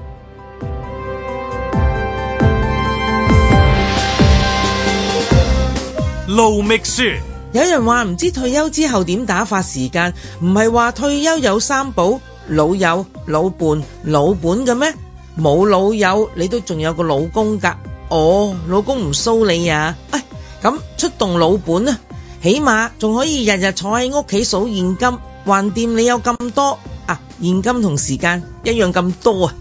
路密說：密有人話唔知退休之後點打發時間，唔係話退休有三寶，老友、老伴、老本嘅咩？冇老友，你都仲有個老公噶。哦，老公唔騷你呀、啊？咁、哎、出動老本呢？起碼仲可以日日坐喺屋企數現金，橫掂你有咁多啊？現金同時間一樣咁多啊！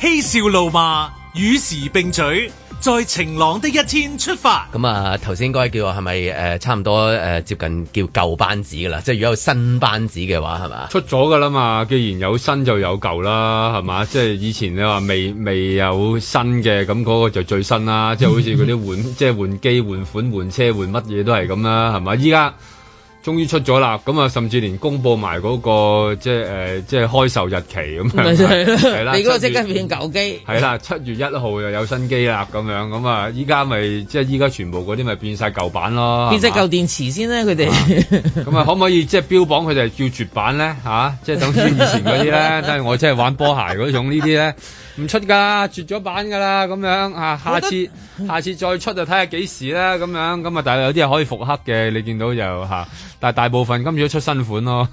嬉笑怒罵與時並舉。在晴朗的一天出發。咁啊，頭先應該叫係咪誒差唔多誒、呃、接近叫舊班子噶啦，即係如果有新班子嘅話，係嘛？ *laughs* 出咗噶啦嘛，既然有新就有舊啦，係嘛？即係以前你話未未有新嘅，咁嗰個就最新啦。即係好似嗰啲換， *laughs* 換即係換機、換款、換車、換乜嘢都係咁啦，係嘛？依家。終於出咗啦，咁啊，甚至連公佈埋嗰個即係誒，即係、呃、開售日期咁樣。係啦，你嗰個即刻變舊機。係啦的，七 *laughs* 月一號 *music* 又有新機啦，咁樣，咁啊，依家咪即係依家全部嗰啲咪變晒舊版咯。變曬舊電池先咧，佢哋。咁啊， *laughs* 可唔可以即係標榜佢哋係叫絕版咧？嚇、啊，即係等於以前嗰啲咧，即係 *laughs* 我即係玩波鞋嗰種呢啲咧。 *laughs* *laughs* 唔出噶，絕咗版噶啦，咁樣啊，下次我得 下次再出就睇下幾時啦，咁樣咁啊，但係有啲係可以復刻嘅，你見到就嚇、啊，但係大部分今次都出新款咯。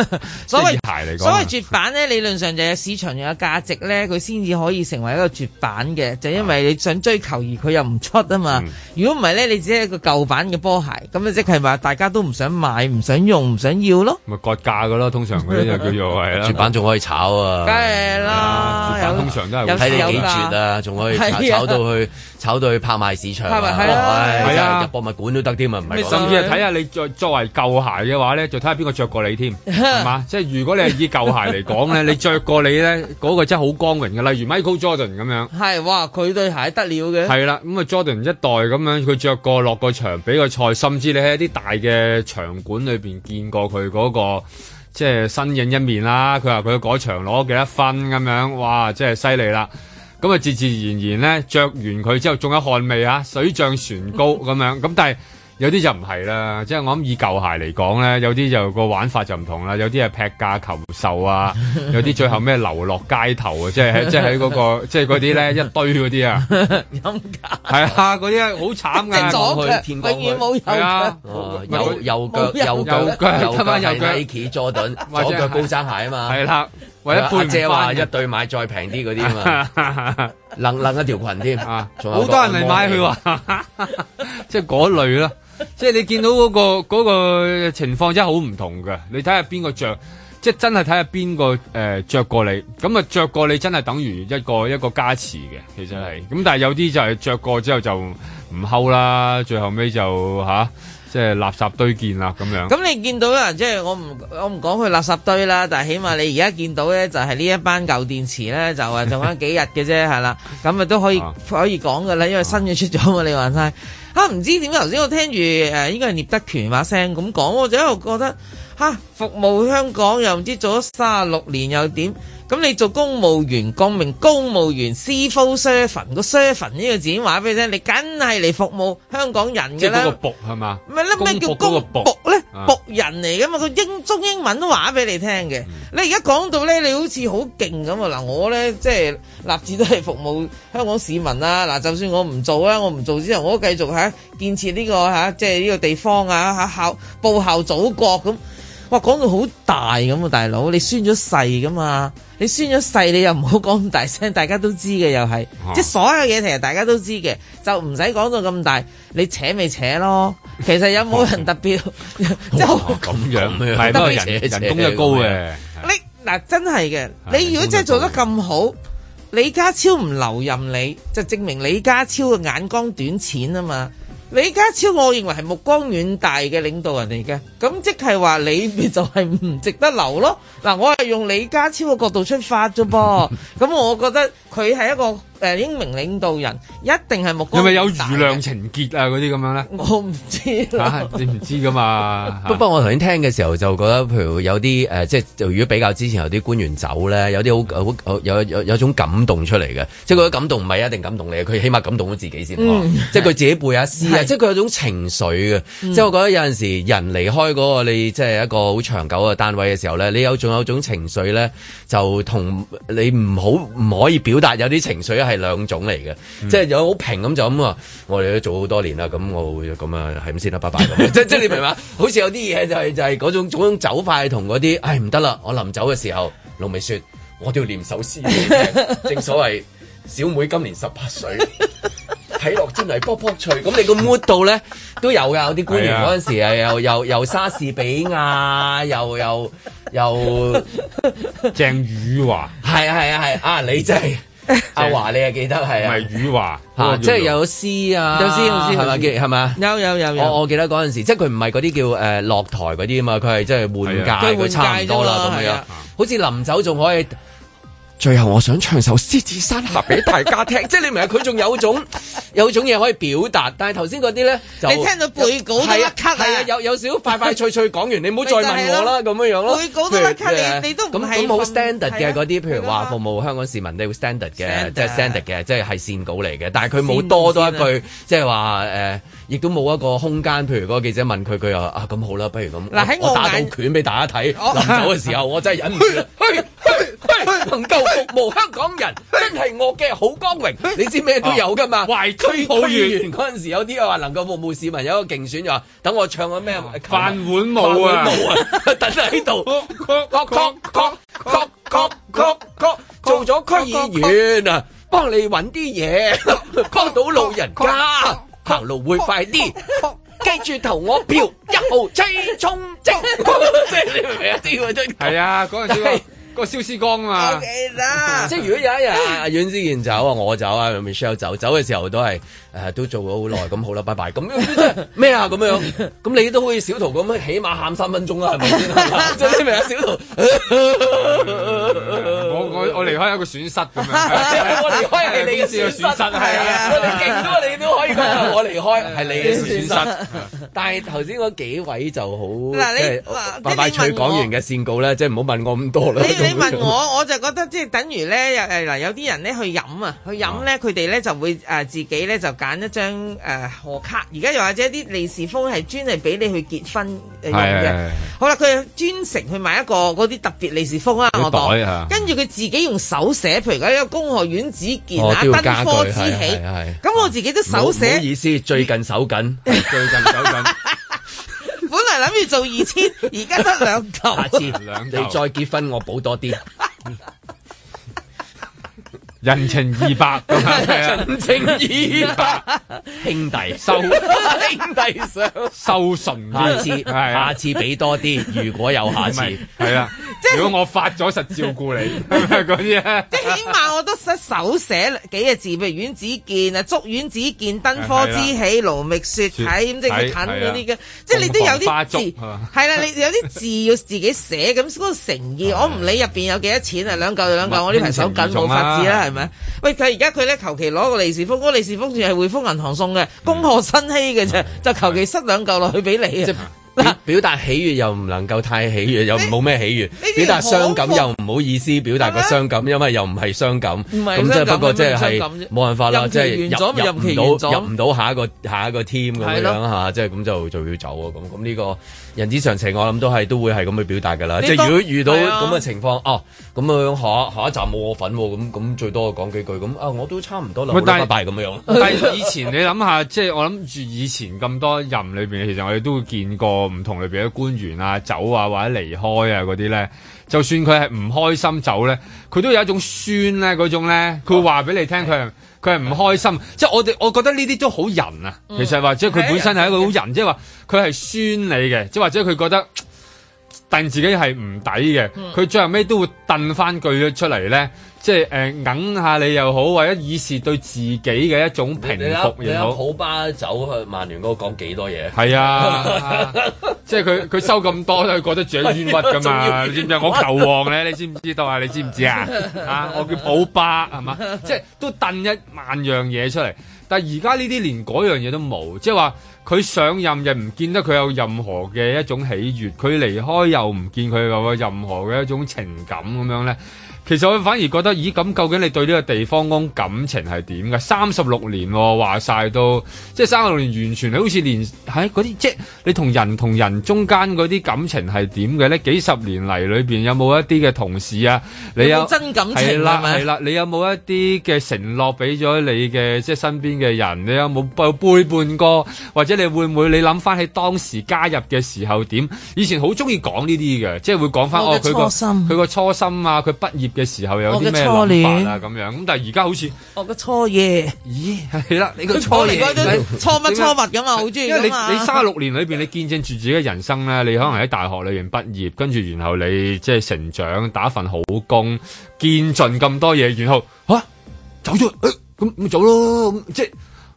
*laughs* 所謂 *laughs* 以鞋嚟講，所以絕版咧 *laughs* 理論上就有市場有價值咧，佢先至可以成為一個絕版嘅，就係、因為你想追求而佢又唔出啊嘛。如果唔係咧，你只係一個舊版嘅波鞋，咁啊即係話大家都唔想買、唔想用、唔想要咯。咪割價噶咯，通常佢啲就叫做係啦。絕版仲可以炒啊，梗係 *laughs* 啦，絕版通常。睇你幾絕啊！仲可以炒，炒到去、啊、炒，到去炒到去拍賣市場、啊，係啦，入博物館都得添啊，唔係，甚至係睇下你作作為舊鞋嘅話咧，就睇下邊個着過你添，係嘛？ *laughs* 即係如果你係以舊鞋嚟講咧， *laughs* 你着過你咧嗰、那個真係好光榮嘅。例如 Michael Jordan 咁樣，係哇、啊，佢對鞋得了嘅。係啦、啊，咁啊 Jordan 一代咁樣，佢着過落過場，比過賽，甚至你喺一啲大嘅場館裏邊見過佢嗰、那個。即係新影一面啦，佢話佢改場攞幾多分咁樣，哇！即係犀利啦，咁啊，自自然然咧，着完佢之後仲有汗味啊，水漲船高咁樣，咁但係。有啲就唔係啦，即係我諗以舊鞋嚟講咧，有啲就個玩法就唔同啦，有啲係劈價求售啊，有啲最後咩流落街頭啊，即係即係喺嗰個即係嗰啲咧一堆嗰啲啊，陰係啊，嗰啲好慘嘅，左腳永遠冇右腳，右右腳右腳右腳 Nike Jordan，左腳高踭鞋啊嘛，係啦，為咗借還一對買再平啲嗰啲啊，攬攬一條裙添啊，好多人嚟買佢話，即係嗰類啦。 *laughs* 即係你見到嗰、嗰個、嗰個情況真係好唔同嘅，你睇下邊個着，即係真係睇下邊個誒着過你，咁啊着過你真係等於一個一個加持嘅，其實係，咁但係有啲就係着過之後就唔厚啦，最後尾就吓、啊、即係垃圾堆見啦咁樣。咁、嗯、你見到有人，即係我唔我唔講佢垃圾堆啦，但係起碼你而家見到咧就係呢一班舊電池咧就啊仲有幾日嘅啫係啦，咁啊都可以、啊、可以講噶啦，因為新嘅出咗嘛、啊啊，你話晒。嚇唔、啊、知點解頭先，我聽住誒、呃、應該係聶德權把、啊、聲咁講，我就一路覺得嚇、啊、服務香港又唔知做咗三十六年又點？咁你做公務員，講明公務員 c f r v e serving 個 serve 呢個字，話俾你聽，你梗係嚟服務香港人嘅啦。即係嗰個僕係嘛？唔係，咩叫公僕咧？僕人嚟噶嘛？個英、啊、中英文都話俾你聽嘅。嗯、你而家講到咧，你好似好勁咁啊！嗱，我咧即係立志都係服務香港市民啦。嗱，就算我唔做啊，我唔做之後，我都繼續嚇建設呢、呢個嚇、啊、即係呢個地方啊！嚇效報效祖國咁。哇，講到好大咁啊，大佬，你宣咗誓噶嘛？啊。你宣咗細，你又唔好講咁大聲，大家都知嘅又係，啊、即係所有嘢其實大家都知嘅，就唔使講到咁大，你扯咪扯咯。 *laughs* 其實有冇人特別，即係好咁樣是，係咪人人工又高嘅？你嗱、啊、真係嘅，是你如果真係做得咁好，李家超唔留任你，就證明李家超嘅眼光短淺啊嘛。李家超，我認為係目光遠大嘅領導人嚟嘅，咁即係話你咪就係唔值得留咯。嗱、啊，我係用李家超嘅角度出發啫噃，咁我覺得佢係一個。誒英明領導人一定係目光，係咪有餘量情結啊？啲咁樣咧，我唔知，你唔知噶嘛？不過我頭先聽嘅時候就覺得，譬如有啲誒、呃、即係如果比較之前有啲官員走咧，有啲好好有有有，有，有種感動出嚟嘅，即係覺得感動唔係一定感動你，佢起碼感動咗自己先喎。即係佢自己背下詩是啊，是即係佢有種情緒嘅。嗯、即係我覺得有陣時人離開個你，即、就、係、是、一個好長久嘅單位嘅時候咧，你有仲有種情緒咧，就同你唔好唔可以表達有啲情緒啊。係兩種嚟嘅，嗯、即係有好平咁就咁啊！我哋都做好多年啦，咁我會咁啊，係咁先啦，拜拜！即即係你明嘛？好似有啲嘢就係、是、就係、是、嗰種嗰種走法同嗰啲，唉唔得啦！我臨走嘅時候，龍尾雪，我都要唸首詩。正所謂小妹今年十八歲，睇落真係卜卜脆。咁你個 mood 度咧都有㗎，有啲官員嗰陣時啊，又又又莎士比亞，又又又鄭宇華，係啊係啊係啊，你真、就、濟、是。 *laughs* 阿華你又記得係 *laughs* 啊？唔係雨華，即係有詩啊，有詩，有詩吧，係咪吧？記係咪啊？有有有有我，我我記得嗰陣時，即係佢唔係嗰啲叫誒、呃、落台嗰啲啊嘛，佢係即係換屆，啊、差唔多啦咁樣，好似臨走仲可以。最後我想唱首獅子山下俾 *laughs* 大家聽，即係你明啊？佢仲 *laughs* 有種有種嘢，可以表達，但係頭先嗰啲咧就你聽到背稿都一咳，係啊，啊，有有少快快脆脆講完，你唔好再問我啦，咁樣樣咯。背稿都一咳如，你你都咁咁好 standard 嘅嗰啲，譬如話服務香港市民你會 stand standard 嘅 stand，即係 standard 嘅，即係係線稿嚟嘅，但係佢冇多多一句， *laughs* 即係話誒。呃亦都冇一個空間，譬如嗰記者問佢，佢又啊，咁好啦，不如咁，我打到拳俾大家睇，臨走嘅時候我真係忍唔住，能夠服務香港人，真係我嘅好光榮。你知咩都有噶嘛？懷區區議員嗰陣時，有啲又話能夠服務市民，有一個競選就話等我唱個咩飯碗舞啊，等喺度，各各各各各各各各做咗區議員啊，幫你搵啲嘢，幫到老人家。行路會快啲，記住投我票， *laughs* 一號青葱精。即係 *laughs* 你明唔明啊？啲嘅都係啊，嗰陣時係個蕭師光啊嘛。即係如果有一日阿阮之燕走啊，我走啊 Michelle 走，走嘅時候都係誒、啊，都做咗好耐，咁好啦，拜拜。咁呢咩啊？咁樣樣，咁你都可以小桃咁，起碼喊三分鐘啦，係咪先？即係你明啊，小桃。我我離開有個損失咁樣，我離開係你嘅損失，係啊，你勁啊，你都可以講我離開係你嘅損失。但係頭先嗰幾位就好，嗱你拜拜講完嘅線告咧，即係唔好問我咁多啦。你你問我，我就覺得即係等於咧，誒嗱有啲人咧去飲啊，去飲咧佢哋咧就會誒自己咧就揀一張誒賀卡。而家又或者啲利是封係專係俾你去結婚用嘅。好啦，佢專程去買一個嗰啲特別利是封啊，我講，跟住佢。自己用手寫，譬如嗰一個工學院子建啊，登、哦、科之喜。咁我自己都手寫。唔好意思，最近手緊， *laughs* 最近手緊。本嚟諗住做二千，而家得兩頭 *laughs* 下次，你再結婚，我補多啲。 *laughs* 人情二百，人情二百，兄弟收，兄弟收，收唇二字，下次俾多啲，如果有下次，係啊，即係如果我發咗實照顧你，係咪嗰啲咧？即係起碼我都手手寫幾啊字，俾阮子健，啊，《祝阮子健登科之喜》，《勞蜜雪睇》，咁即係近嗰啲嘅，即係你都有啲字，係啦，你有啲字要自己寫，咁嗰個誠意，我唔理入邊有幾多錢啊，兩嚿就兩嚿，我呢排手緊冇法子啦，係。喂，佢而家佢咧求其攞個利是封，嗰、那個利是封串係匯豐銀行送嘅，恭賀新禧嘅啫， *laughs* 就求其塞兩嚿落去俾你啊！ *laughs* *laughs* 表達喜悦又唔能夠太喜悦，又冇咩喜悦；表達傷感又唔好意思表達個傷感，因為又唔係傷感。咁即係不過即係係冇辦法啦，即係入唔到入唔到下一個下一個 team 咁樣嚇，即係咁就就要走喎。咁咁呢個人之常情，我諗都係都會係咁去表達㗎啦。即係如果遇到咁嘅情況，哦，咁樣下下一站冇我份喎，咁咁最多講幾句，咁啊我都差唔多啦。拜拜咁樣。但係以前你諗下，即係我諗住以前咁多任裏邊，其實我哋都會見過。唔同類別嘅官員啊走啊或者離開啊嗰啲咧，就算佢係唔開心走咧，佢都有一種酸咧、啊、嗰種咧，佢會話俾你聽佢係佢係唔開心，嗯、即係我哋我覺得呢啲都好人啊，其實或者佢本身係一個好人，嗯、即係話佢係酸你嘅，即或者佢覺得但自己係唔抵嘅，佢、嗯、最後尾都會瞪翻句咗出嚟咧。即係誒，揞、呃、下你又好，或者以示對自己嘅一種平復又好。阿看原來 巴走去曼聯嗰度講幾多嘢？係啊，啊 *laughs* 即係佢佢收咁多，佢覺得掌冤屈噶嘛？你知唔知我求旺咧，你知唔知道啊？你知唔知啊？ *laughs* 知知啊， *laughs* 啊，我叫普巴係嘛？即係都掟一萬樣嘢出嚟，但係而家呢啲連嗰樣嘢都冇，即係話佢上任又唔見得佢有任何嘅一種喜悅，佢離開又唔見佢任何嘅一種情感咁樣咧。其實我反而覺得，咦？咁究竟你對呢個地方安感情係點嘅？三十六年話晒都，即係三十六年完全係好似連喺嗰啲，即係你同人同人中間嗰啲感情係點嘅？呢幾十年嚟裏邊有冇一啲嘅同事啊？你有，有，有真感情啊？係啦，係嗎啦，啦，你有冇一啲嘅承諾俾咗你嘅即係身邊嘅人？你有冇背叛過？或者你會唔會你諗翻起當時加入嘅時候點？以前好中意講呢啲嘅，即係會講翻哦，我嘅初心啊。佢個初心啊，佢畢業。嘅時候有啲咩諗法啊？咁樣咁，但係而家好似我嘅初夜，初夜咦係啦？你個初初乜初物咁啊？好中意，因為你你三十六年裏邊，你見證住自己嘅人生咧，你可能喺大學裏邊畢業，跟住然後你即係成長，打份好工，見盡咁多嘢，然後吓、啊、走咗誒，咁咪走咯，咁即係。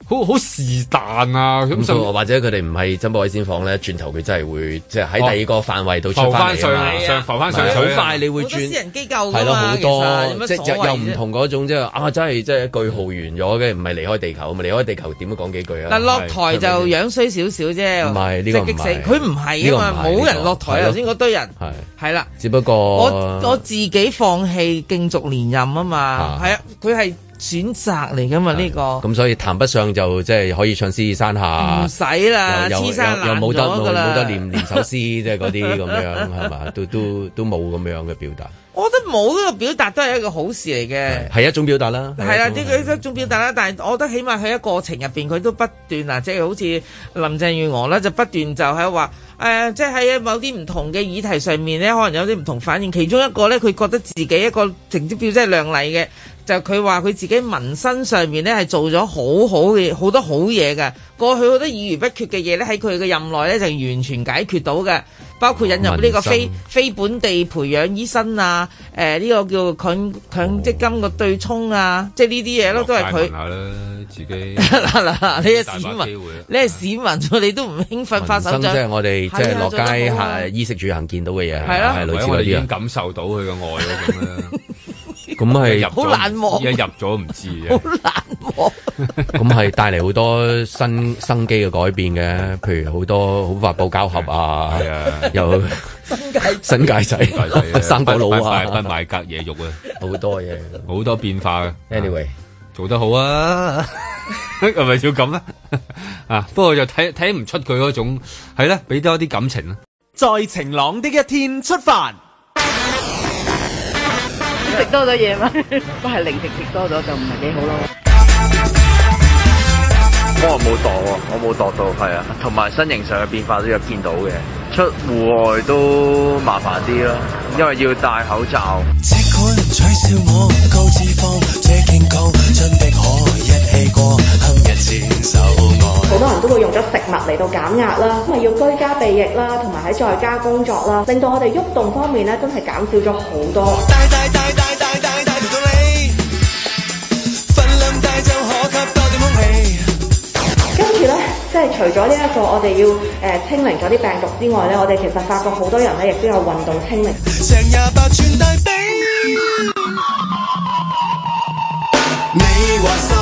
好好是但啊！咁或者佢哋唔係珍寶海鮮舫咧，轉頭佢真係會即係喺第二個範圍度出翻嚟啦。浮翻上嚟，浮翻上嚟，好快你會轉。好多私人機構㗎嘛，好多即係又唔同嗰種即係啊！真係即係句號完咗嘅，唔係離開地球，唔係離開地球點講幾句啊？但落台就樣衰少少啫，即係激死佢唔係啊嘛，冇人落台。頭先嗰堆人係係啦，只不過我我自己放棄競逐連任啊嘛，係啊，佢係。選擇嚟噶嘛呢、 *noise* 這個？咁 *noise* 所以談不上就即係、就是、可以唱《詩山下》。唔使啦，又又又冇得冇 *noise* 得，得念唸首詩，即係嗰啲咁樣係嘛？都都都冇咁樣嘅表達 *noise* 。我覺得冇呢個表達都係一個好事嚟嘅。係一種表達啦。係啊，啲佢、就是、一種表達啦。但係我覺得起碼喺一個過程入邊，佢對都不斷啊，即、就、係、是、好似林鄭月娥咧，就不斷就喺話誒，即係喺某啲唔同嘅議題上面咧，可能有啲唔同反應。其中一個咧，佢覺得自己一個成績表真係靚麗嘅。就佢話佢自己民生上面咧係做咗好好嘅好多好嘢嘅，過去好多議而不決嘅嘢咧喺佢嘅任內咧就完全解決到嘅，包括引入呢個非非本地培養醫生啊，誒呢個叫強強積金嘅對沖啊，即係呢啲嘢咯，都係佢。嗱嗱嗱，你係市民，你係市民，你都唔興奮發手掌。民生即係我哋即係落街行衣食住行見到嘅嘢，係類似啲。我哋已經感受到佢嘅愛啦。咁係好難忘入， *laughs* 而家 *laughs* *laughs* 入咗唔知，好難忘。咁係帶嚟好多新生機嘅改變嘅，譬如好多好發布交合啊，係啊，有新界新界仔，新界仔生果佬啊，不 *laughs* 個老 賣隔夜肉啊，好 *laughs* 多嘢、啊，好 *laughs* 多變化嘅、啊。Anyway，、啊、做得好啊，係 *laughs* 咪 *laughs* 要咁咧？啊， *laughs* *laughs* *laughs* 不過就睇睇唔出佢嗰種係咧，俾對多啲感情啊。 *laughs* 再晴朗一啲的一天出發。食多咗嘢嘛？都 *laughs* 係零食食多咗就唔係幾好咯。我冇度喎，我冇度到，係啊。同埋身形上嘅變化都有見到嘅。出戶外都麻煩啲咯，因為要戴口罩。好多人都會用咗食物嚟到減壓啦，因為要居家避疫啦，同埋喺在家工作啦，令到我哋喐動方面咧真係減少咗好多。大大大大大即係除咗呢一個，我哋要誒清零咗啲病毒之外咧，我哋其實發覺好多人咧亦都有運動清零。 *noise*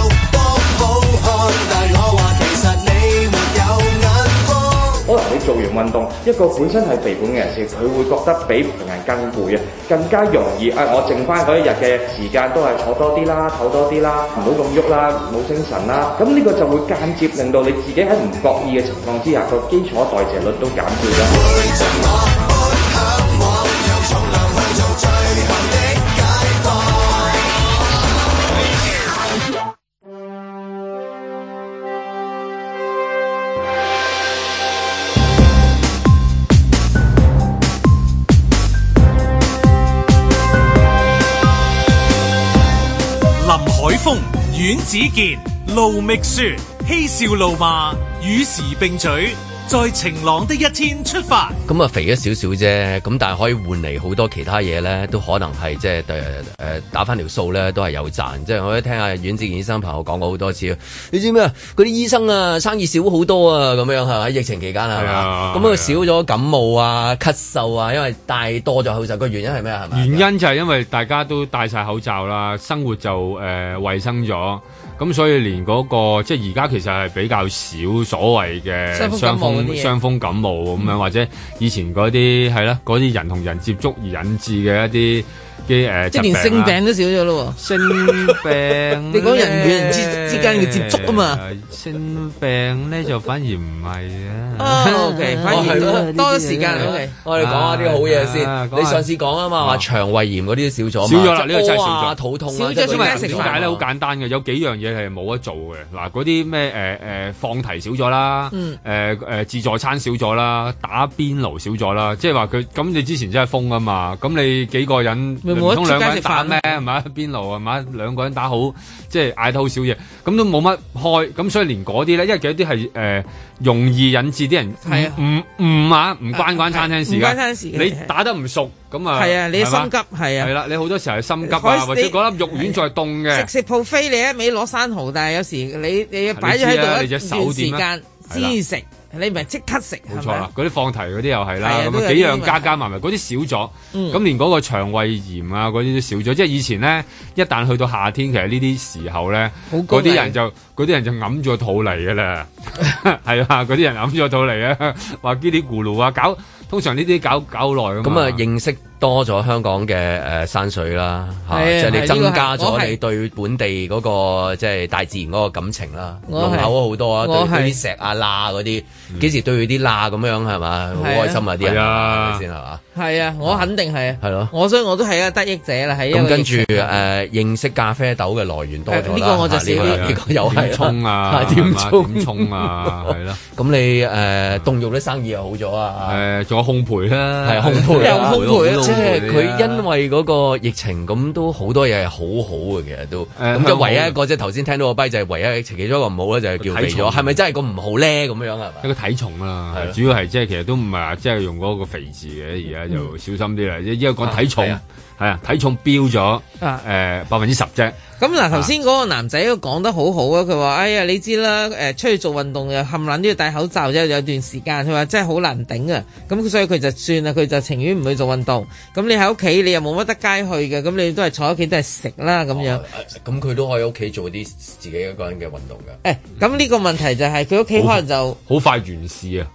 做完運動，一個本身係肥胖嘅人士，佢會覺得比平人更攰啊，更加容易啊、哎！我剩翻嗰一日嘅時間都係坐多啲啦，唞多啲啦，唔好咁喐啦，冇精神啦，咁呢個就會間接令到你自己喺唔覺意嘅情況之下，個基礎代謝率都減少咗。阮子健，盧覓雪，嬉笑怒罵與時並舉。在晴朗的一天出發。咁啊，肥咗少少啫，咁但係可以換嚟好多其他嘢咧，都可能係即係誒誒，打翻條數咧都係有賺。即係我都聽阿阮志健醫生朋友講過好多次。你知咩啊？嗰啲醫生啊，生意少好多啊，咁樣係咪？疫情期間啊，咁佢、啊、少咗感冒啊、咳嗽啊，因為戴多咗口罩。個原因係咩？係咪？原因就係因為大家都戴晒口罩啦，生活就誒、呃、衛生咗。咁所以連嗰、嗰個即係而家其實係比較少所謂嘅傷風、傷風感冒咁樣，嗯、或者以前嗰啲係啦，嗰啲、啊、人同人接觸而引致嘅一啲。嘅即係連性病都少咗咯喎，性病你講人與人之之間嘅接觸啊嘛，性病咧就反而唔係啊，OK，反而多咗時間，OK，我哋講下啲好嘢先。你上次講啊嘛，話腸胃炎嗰啲少咗，少咗啦，呢個真係少咗，少咗肚痛。點解咧？好簡單嘅，有幾樣嘢係冇得做嘅。嗱，嗰啲咩誒誒放題少咗啦，誒誒自助餐少咗啦，打邊爐少咗啦，即係話佢咁你之前真係封啊嘛，咁你幾個人？普通兩個人打咩？係咪一邊爐？係咪兩個人打好？即係嗌得好少嘢，咁都冇乜開。咁所以連嗰啲咧，因為其實啲係誒容易引致啲人唔唔唔啊，唔關關餐廳事嘅。唔關餐廳事，你打得唔熟，咁啊，係啊，你心急係啊。係啦，你好多時候係心急啊，或者嗰粒肉丸再凍嘅。食食鋪飛你一味攞生蠔，但係有時你你擺咗喺度你一段時間先食。你咪即刻食，冇錯啦！嗰啲放題嗰啲又係啦，咁啊幾樣加加埋埋，嗰啲少咗，咁、嗯、連嗰個腸胃炎啊嗰啲都少咗。即係以前咧，一旦去到夏天，其實呢啲時候咧，嗰啲人就嗰啲人就揞咗肚嚟噶啦，係 *laughs* *laughs* 啊，嗰啲人揞咗肚嚟啊，話嘰里咕嚕啊，搞通常呢啲搞搞好耐啊。咁啊，認識。多咗香港嘅誒山水啦，嚇，即係你增加咗你對本地嗰個即係大自然嗰個感情啦，龍口好多啊，對啲石啊罅嗰啲，幾時對佢啲罅咁樣係嘛，好開心啊啲人，係咪啊，我肯定係啊，係咯，所以我都係啊，得益者啦。喺咁跟住誒認識咖啡豆嘅來源多咗，呢個我就少啲。結果又係沖啊，點沖點沖啊，係咯。咁你誒凍肉啲生意又好咗啊？誒，仲有烘焙啦，係烘烘焙。即係佢因為嗰個疫情咁，都好多嘢係好好嘅，其實都咁、嗯、就唯一一個即係頭先聽到個弊就係唯一疫情，其中一個唔好咧，就係叫肥咗重。係咪真係個唔好咧？咁樣樣係嘛一個體重啦，的主要係即係其實都唔係話即係用嗰個肥字嘅，而家就小心啲啦。嗯、因為講體重係啊，體重飆咗誒百分之十啫。咁嗱，頭先嗰個男仔都講得好好啊！佢話，哎呀，你知啦，誒出去做運動又冚撚都要戴口罩，有有段時間，佢話真係好難頂啊！咁所以佢就算啦，佢就情願唔去做運動。咁你喺屋企，你又冇乜得街去嘅，咁你都係坐喺屋企都係食啦咁樣。咁佢都可以屋企做啲自己一個人嘅運動噶。咁呢個問題就係佢屋企可能就好快完事啊，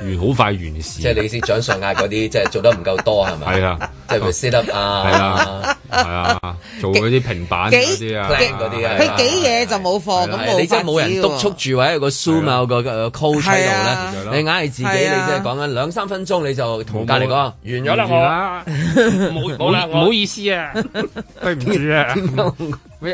完好快完事。即係你先掌上壓嗰啲，即係做得唔夠多係咪？係啊，即係佢 i t 啊，係啊，係啊。做嗰啲平板嗰啲啊，啲啊，佢幾嘢就冇貨，咁你真係冇人督促住喎，喺個 zoom 啊，個個 coach 度咧，你硬係自己，你即係講緊兩三分鐘，你就同隔籬講完咗啦，冇冇啦，唔好意思啊，對唔住啊。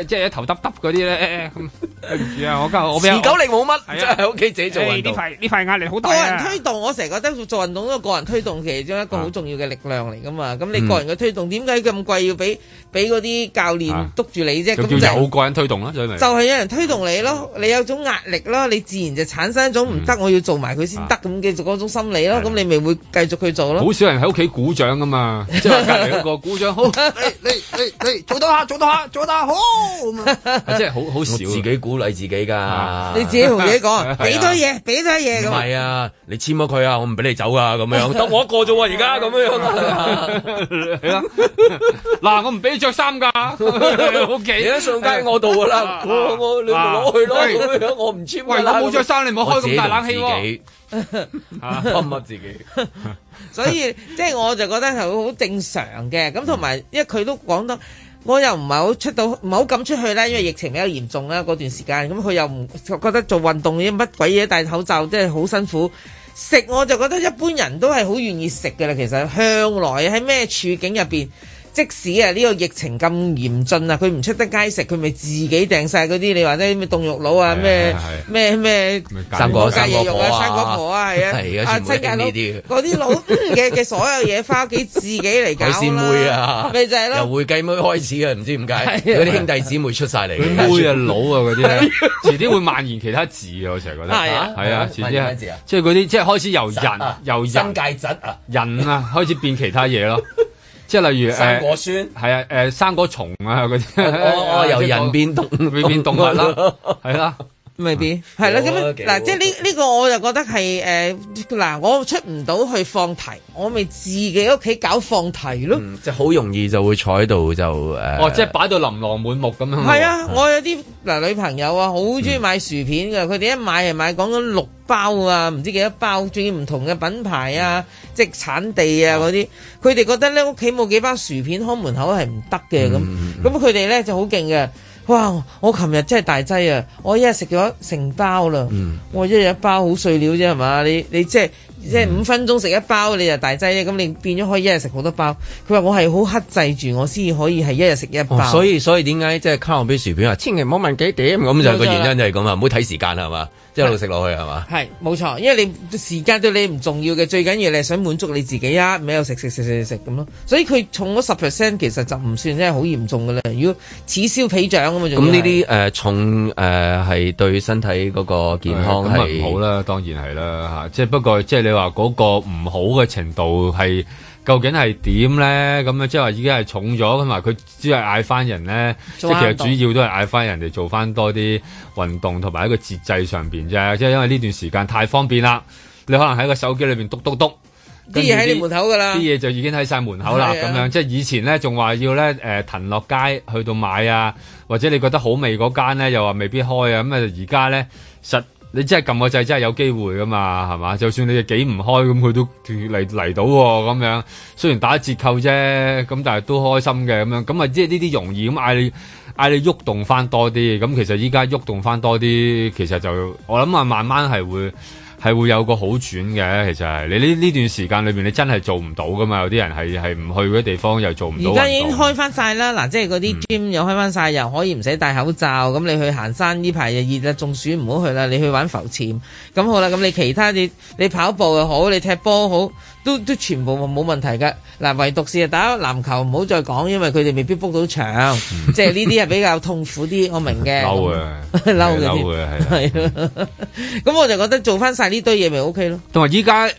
即係一頭耷耷嗰啲咧，唔、哎、住、哎、啊！我而家我持久力冇乜，即係喺屋企自己做。呢塊呢塊壓力好大啊！個人推動，我成日覺得做運動都係個人推動其中一個好重要嘅力量嚟噶嘛。咁你個人嘅推動，點解咁貴要俾俾嗰啲教練督住你啫？咁、啊、就有個人推動啦，就係、是、 *laughs* 有人推動你咯。你有種壓力咯，你自然就產生一種唔得，嗯、我要做埋佢先得咁嘅嗰種心理咯。咁、嗯、你咪會繼續去做咯。好少人喺屋企鼓掌噶嘛，即係話隔離嗰個鼓掌，好嚟嚟嚟做到下做到下做到下，好！ *laughs* *laughs* 啊、即係好好少，自己鼓勵自己噶， *laughs* 你自己同自己講，俾、 *laughs* 啊、多嘢，俾多嘢咁。係啊，你簽咗佢啊，我唔俾你走噶咁樣。得我一個啫喎，而家咁樣樣。嗱，我唔俾你着衫噶。O K，上街我度噶啦。我你唔攞、 *laughs* *laughs* 啊、去咯咁、 *laughs* 啊、樣，我唔簽。喂，你冇着衫，你唔好開咁大冷氣。自己，自己， *laughs* 啊、自己。 *laughs* 所以即係我就覺得係好正常嘅，咁同埋因為佢都講得。我又唔係好出到，唔係好敢出去啦，因為疫情比較嚴重啦嗰段時間。咁佢又唔覺得做運動啲乜鬼嘢，戴口罩真係好辛苦。食我就覺得一般人都係好願意食噶啦，其實向來喺咩處境入邊。即使啊，呢個疫情咁嚴峻啊，佢唔出得街食，佢咪自己訂晒嗰啲。你話咧咩凍肉佬啊，咩咩咩生果雞翼肉啊，生果果啊，係啊，啊七斤呢啲嗰啲佬嘅嘅所有嘢返屋企自己嚟搞啦。海鮮妹啊，咪就係咯。由會計妹開始嘅，唔知點解嗰啲兄弟姊妹出晒嚟。妹啊，佬啊，嗰啲咧，遲啲會蔓延其他字，我成日覺得。係啊，係啊，遲啲啊，即係嗰啲即係開始由人由人界質人啊，開始變其他嘢咯。即係例如誒生果酸係啊誒生果蟲啊嗰啲，我、 *laughs* 哦哦哦、由人變動 *laughs* 變變動物啦，係啦、 *laughs* 啊。未必係啦，咁嗱，即係呢呢個，我就覺得係誒，嗱，我出唔到去放題，我咪自己屋企搞放題咯，就好容易就會坐喺度就誒，哦，即係擺到琳琅滿目咁樣。係啊，我有啲嗱女朋友啊，好中意買薯片㗎，佢哋一買啊買講緊六包啊，唔知幾多包，仲要唔同嘅品牌啊，即係產地啊嗰啲，佢哋覺得咧屋企冇幾包薯片開門口係唔得嘅咁，咁佢哋咧就好勁嘅。哇！我琴日真係大劑啊！我一日食咗成包啦，我、嗯、一日一包好碎料啫係嘛？你你即係即係五分鐘食一包，你就大劑咧。咁你變咗可以一日食好多包。佢話我係好克制住我先可以係一日食一包。哦、所以所以點解即係卡我畀薯片啊？千祈唔好問幾點咁就個原因就係咁啊！唔好睇時間係嘛。即係一路食落去係嘛？係冇錯，因為你時間對你唔重要嘅，最緊要你想滿足你自己啊，咪又食食食食食咁咯。所以佢重咗十 percent，其實就唔算真係好嚴重嘅啦。如果此消彼長咁嘛，仲咁呢啲誒重誒係、呃、對身體嗰個健康係唔好啦，當然係啦吓。即係不過即係、就是、你話嗰個唔好嘅程度係。究竟係點咧？咁啊，即係話已經係重咗，同埋佢只係嗌翻人咧，即係其實主要都係嗌翻人哋做翻多啲運動，同埋一個節制上邊啫。即係因為呢段時間太方便啦，你可能喺個手機裏邊篤篤篤，啲嘢喺你門口㗎啦，啲嘢就已經喺晒門口啦。咁、啊、樣即係以前咧，仲話要咧誒、呃、騰落街去到買啊，或者你覺得好味嗰間咧又話未必開啊，咁啊而家咧實。你真係撳個掣，真係有機會㗎嘛，係嘛？就算你哋幾唔開，咁佢都嚟嚟到喎，咁樣。雖然打折扣啫，咁但係都開心嘅，咁樣。咁啊，即係呢啲容易，咁嗌你嗌你喐動翻多啲。咁其實依家喐動翻多啲，其實就我諗啊，慢慢係會。係會有個好轉嘅。其實係你呢呢段時間裏邊，你真係做唔到㗎嘛。有啲人係係唔去嗰啲地方又做唔到。而家已經開翻晒啦，嗱，即係嗰啲 gym 又開翻晒，嗯、又可以唔使戴口罩。咁你去行山呢排又熱啦，中暑唔好去啦。你去玩浮潛，咁好啦。咁你其他你你跑步又好，你踢波好。都都全部冇問題㗎，嗱，唯獨是打籃球唔好再講，因為佢哋未必 book 到場，即係呢啲係比較痛苦啲，我明嘅。嬲嘅，嬲嘅，係啊。咁我就覺得做翻曬呢堆嘢咪 OK 咯。同埋依家誒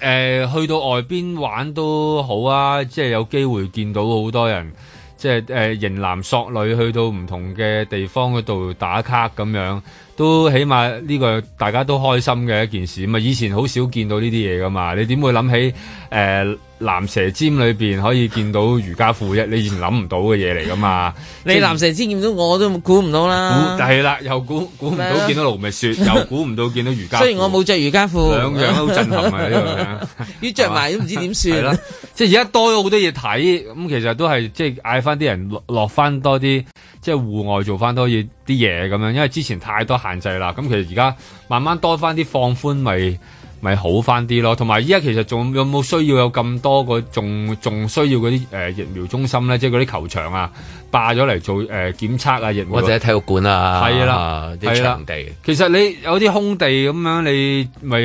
去到外邊玩都好啊，即係有機會見到好多人，即係誒型男索女去到唔同嘅地方嗰度打卡咁樣。都起碼呢個大家都開心嘅一件事，咁啊以前好少見到呢啲嘢噶嘛，你點會諗起誒《蚺、呃、蛇尖裏邊可以見到瑜伽褲啫？ *laughs* 你以前諗唔到嘅嘢嚟噶嘛？ *laughs* 你《蚺蛇尖見到我，我都估唔到啦。估係啦，又估估唔到見到盧咪雪，又估唔到見到瑜伽。 *laughs* 雖然我冇着瑜伽褲，兩樣都好震撼啊！呢樣、 *laughs* 啊， *laughs* 要着埋都唔知點算。係啦， *laughs* 即係而家多咗好多嘢睇，咁其實都係即係嗌翻啲人落落翻多啲，即係戶外做翻多嘢。啲嘢咁樣，因為之前太多限制啦，咁其實而家慢慢多翻啲放寬，咪咪好翻啲咯。同埋依家其實仲有冇需要有咁多個，仲仲需要嗰啲誒疫苗中心咧，即係嗰啲球場啊。化咗嚟做誒檢測啊，亦或者喺體育館啊，係啦，啲場地。其實你有啲空地咁樣，你咪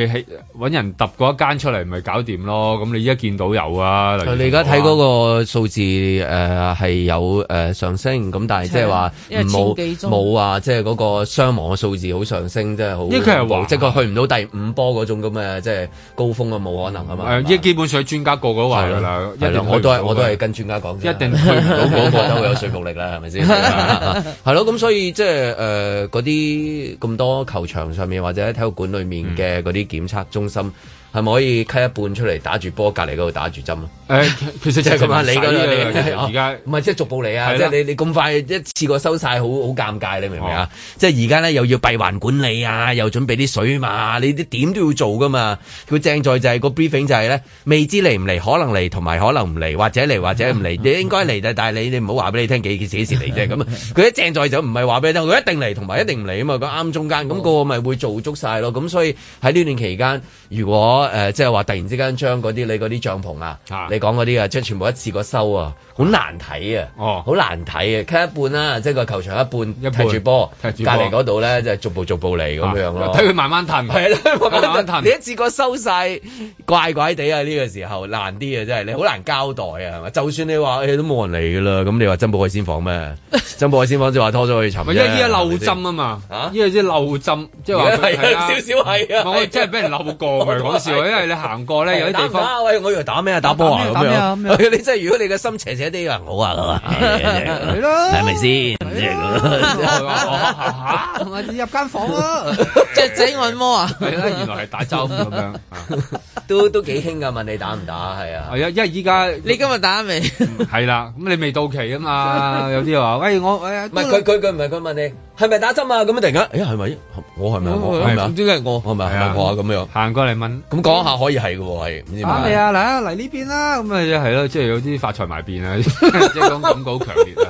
揾人揼嗰一間出嚟，咪搞掂咯。咁你而家見到有啊。你而家睇嗰個數字誒係有誒上升，咁但係即係話冇冇啊，即係嗰個傷亡嘅數字好上升，即係好。依家係黃，即佢去唔到第五波嗰種咁嘅即係高峰嘅冇可能啊嘛。誒，基本上專家個個話。我都係我都係跟專家講。一定去唔到嗰個都會有水落。努力啦，係咪先？係咯，咁所以即係誒，嗰啲咁多球場上面或者喺體育館裏面嘅嗰啲檢測中心。係咪可以 cut 一半出嚟打住波，隔籬嗰度打住針咯？其實、欸、 *laughs* 就係咁你而家唔係即係逐步嚟啊！即係是的 你你咁快一次過收晒，好好尷尬你明唔明啊？哦、即係而家咧又要閉環管理啊，又準備啲水嘛，你啲點都要做噶嘛。佢正在就係、個 briefing 就係、是、咧，未知嚟唔嚟，可能嚟同埋可能唔嚟，或者嚟或者唔嚟， *laughs* 你應該嚟但但係你你唔好話俾你聽幾幾時嚟啫咁啊。佢啲 *laughs* 正在就唔係話俾你聽，佢一定嚟同埋一定唔嚟啊嘛。佢啱中間咁個咪會做足晒咯。咁、哦、所以喺呢段期間，如果誒，即係話突然之間將嗰啲你嗰啲帳篷啊，你講嗰啲啊，將全部一次過收啊，好難睇啊，哦，好難睇啊，cut 一半啦，即係個球場一半，一踢住波，隔籬嗰度咧，即係逐步逐步嚟咁樣咯，睇佢慢慢騰，係慢慢騰，你一次過收晒，怪怪地啊，呢個時候難啲啊，真係，你好難交代啊，係嘛，就算你話誒都冇人嚟噶啦，咁你話珍寶海鮮舫咩？珍寶海鮮舫，即話拖咗去尋日，依家漏針啊嘛，因依家先漏針，即係話係少少係啊，我真係俾人漏過如果你行過咧，有啲地方，喂，我以為打咩啊？打波啊？咁樣，你真係如果你嘅心邪邪啲啊，好啊，係咯，係咪先？入間房啊，雀仔按摩啊，係啦，原來係打針咁樣都都幾興噶。問你打唔打？係啊，係啊因為依家你今日打未？係啦，咁你未到期啊嘛？有啲話，喂，我哎唔係佢佢佢唔係佢問你係咪打針啊？咁樣突然間，哎係咪？我係咪我係咪？咁點解我係咪係我啊？咁樣行過嚟問。講下可以係嘅係，唔知係啊，嚟啊嚟呢邊啦，啊，咁啊即係咯，即係有啲發財埋邊啊，即係種感覺好強烈啊！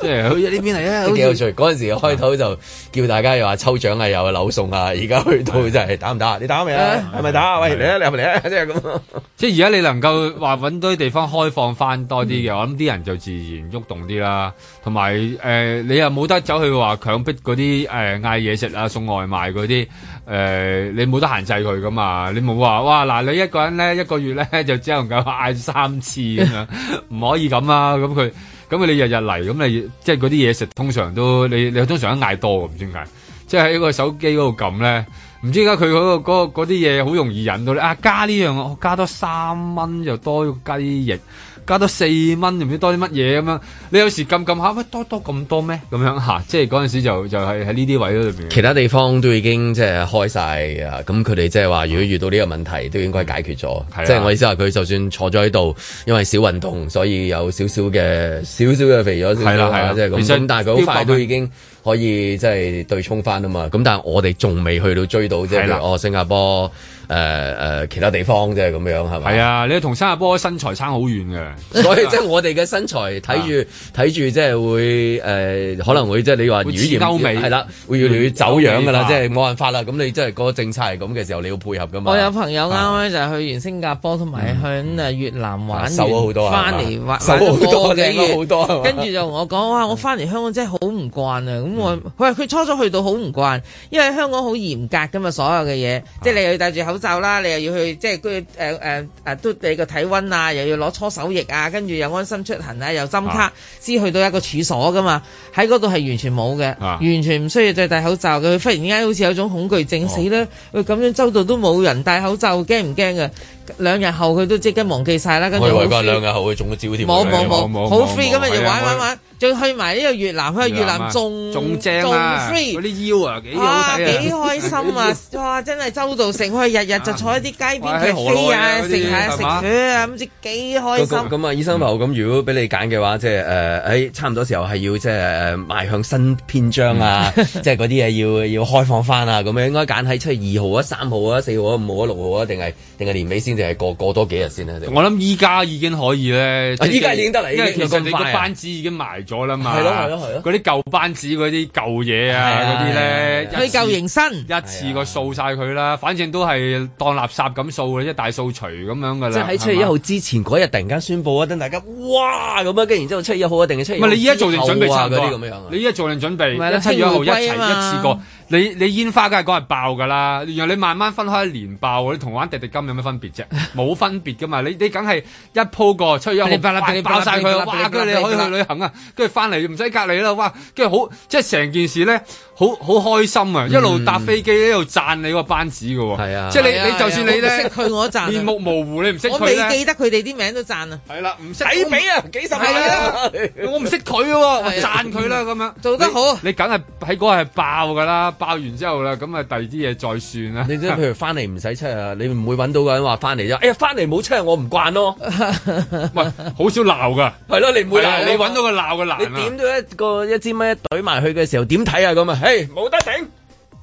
即係去呢邊嚟啊！都幾有趣。嗰陣 *noise* 時開頭就叫大家又話抽獎啊，又扭送啊。而家去到 *laughs* 真係打唔打？你打未 *noise* 啊？係咪打？喂，嚟啊！你係咪嚟啊？即係咁。 *laughs* 即係而家你能夠話搵堆地方開放翻多啲嘅， *laughs* 我諗啲人就自然喐動啲啦。同埋誒，你又冇得走去話強迫嗰啲誒嗌嘢食啊，送外賣嗰啲誒，你冇得限制佢噶嘛？你冇話哇嗱，你一個人咧一個月咧就只能夠嗌三次咁樣，唔可以咁啊咁佢。 *laughs* 咁你日日嚟咁你，即係嗰啲嘢食通常都你你通常都嗌多，唔知點解。即係喺個手機嗰度撳咧，唔知點解佢嗰個啲嘢好容易引到你啊！加呢樣，加多三蚊又多雞翼。加多四蚊唔知多啲乜嘢咁樣，你有時撳撳下，喂多多咁多咩咁樣嚇，即係嗰陣時就就係喺呢啲位度邊。其他地方都已經即係開晒。啊！咁佢哋即係話，如果遇到呢個問題，都應該解決咗。嗯、即係我意思話，佢就算坐咗喺度，因為少運動，所以有少少嘅少少嘅肥咗。係啦係啦，即係咁。但係佢好快都已經。可以即係對沖翻啊嘛，咁但係我哋仲未去到追到即係，譬如哦新加坡誒誒其他地方即係咁樣係咪？係啊，你同新加坡身材差好遠嘅，所以即係我哋嘅身材睇住睇住即係會誒可能會即係你話語言歐美係啦，會越嚟越走樣㗎啦，即係冇辦法啦。咁你即係個政策係咁嘅時候，你要配合㗎嘛？我有朋友啱啱就係去完新加坡同埋去誒越南玩，受咗好多翻嚟，好多跟住就同我講哇，我翻嚟香港真係好唔慣啊！咁佢話佢初初去到好唔慣，因為香港好嚴格噶嘛，所有嘅嘢，即係你又要戴住口罩啦，你又要去即係嗰啲誒誒誒，都你個體温啊，又要攞搓手液啊，跟住又安心出行啊，又針卡，先去到一個處所噶嘛，喺嗰度係完全冇嘅，完全唔需要再戴口罩嘅。佢忽然之間好似有種恐懼症，死啦！喂，咁樣周到都冇人戴口罩，驚唔驚噶？兩日後佢都即刻忘記晒啦。跟住，兩日後佢中咗冇冇冇好 free 咁啊！要玩玩玩。仲去埋呢個越南，去越南仲仲正啊！嗰啲腰啊，幾好睇啊！幾開心啊！哇！真係周到成，去日日就坐喺啲街邊食飛啊，食下食雪啊，唔知幾開心。咁啊，醫生朋友咁，如果俾你揀嘅話，即係誒，誒，差唔多時候係要即係誒，邁向新篇章啊！即係嗰啲嘢要要開放翻啊！咁樣應該揀喺七月二號啊、三號啊、四號啊、五號啊、六號啊，定係定係年尾先，定係過過多幾日先咧？我諗依家已經可以咧，依家已經得嚟，因為其實你個班子已經埋。咗啦嘛，係咯，係咯，係咯，嗰啲舊班子嗰啲舊嘢啊，嗰啲咧，去舊迎新，一次過掃晒佢啦，反正都係當垃圾咁掃啦，即係大掃除咁樣噶啦。即係喺七月一號之前嗰日突然間宣布啊，等大家哇咁啊，跟住然之後七月一號一定係七月。唔係你依家做定準備差唔多，你依家做定準備，七月一號一齊一次過。你你煙花梗係講爆㗎啦，然後你慢慢分開連爆，你同玩滴滴金有咩分別啫？冇 *laughs* 分別噶嘛，你你梗係一鋪過出去，咗， *laughs* 爆晒佢， *laughs* 哇！跟住你可以去旅行啊，跟住翻嚟唔使隔離啦，哇！跟住好即係成件事咧。好好開心啊！一路搭飛機喺度讚你個班子嘅喎，係啊，即係你你就算你咧識佢我都讚，面目模糊你唔識，我未記得佢哋啲名都讚啊。係啦，唔識抵俾啊幾十萬啦，我唔識佢嘅喎，讚佢啦咁樣，做得好。你梗係喺嗰日爆㗎啦，爆完之後啦，咁啊第二啲嘢再算啦。你即係譬如翻嚟唔使出啊，你唔會揾到個人話翻嚟啫。哎呀，翻嚟冇出我唔慣咯。喂，好少鬧㗎。係咯，你唔會鬧，你揾到個鬧嘅難。你點到一個一支蚊一懟埋去嘅時候點睇啊？咁啊，冇 Hey, 得頂，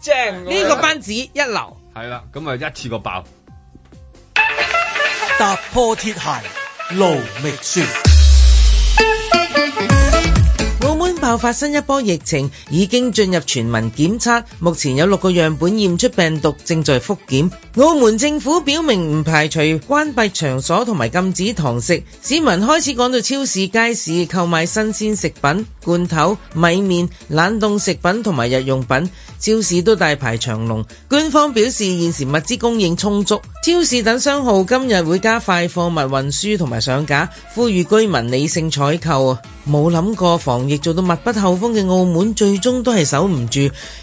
正呢、啊、個班子一流，係啦， *laughs* 咁啊一次過爆，踏破鐵鞋路明船。之後發生一波疫情，已經進入全民檢測。目前有六個樣本驗出病毒，正在複檢。澳門政府表明唔排除關閉場所同埋禁止堂食。市民開始趕到超市街市購買新鮮食品、罐頭、米麵、冷凍食品同埋日用品。超市都大排長龍。官方表示現時物資供應充足，超市等商號今日會加快貨物運輸同埋上架，呼籲居民理性採購啊！冇諗過防疫做到密不透風嘅澳門，最終都係守唔住。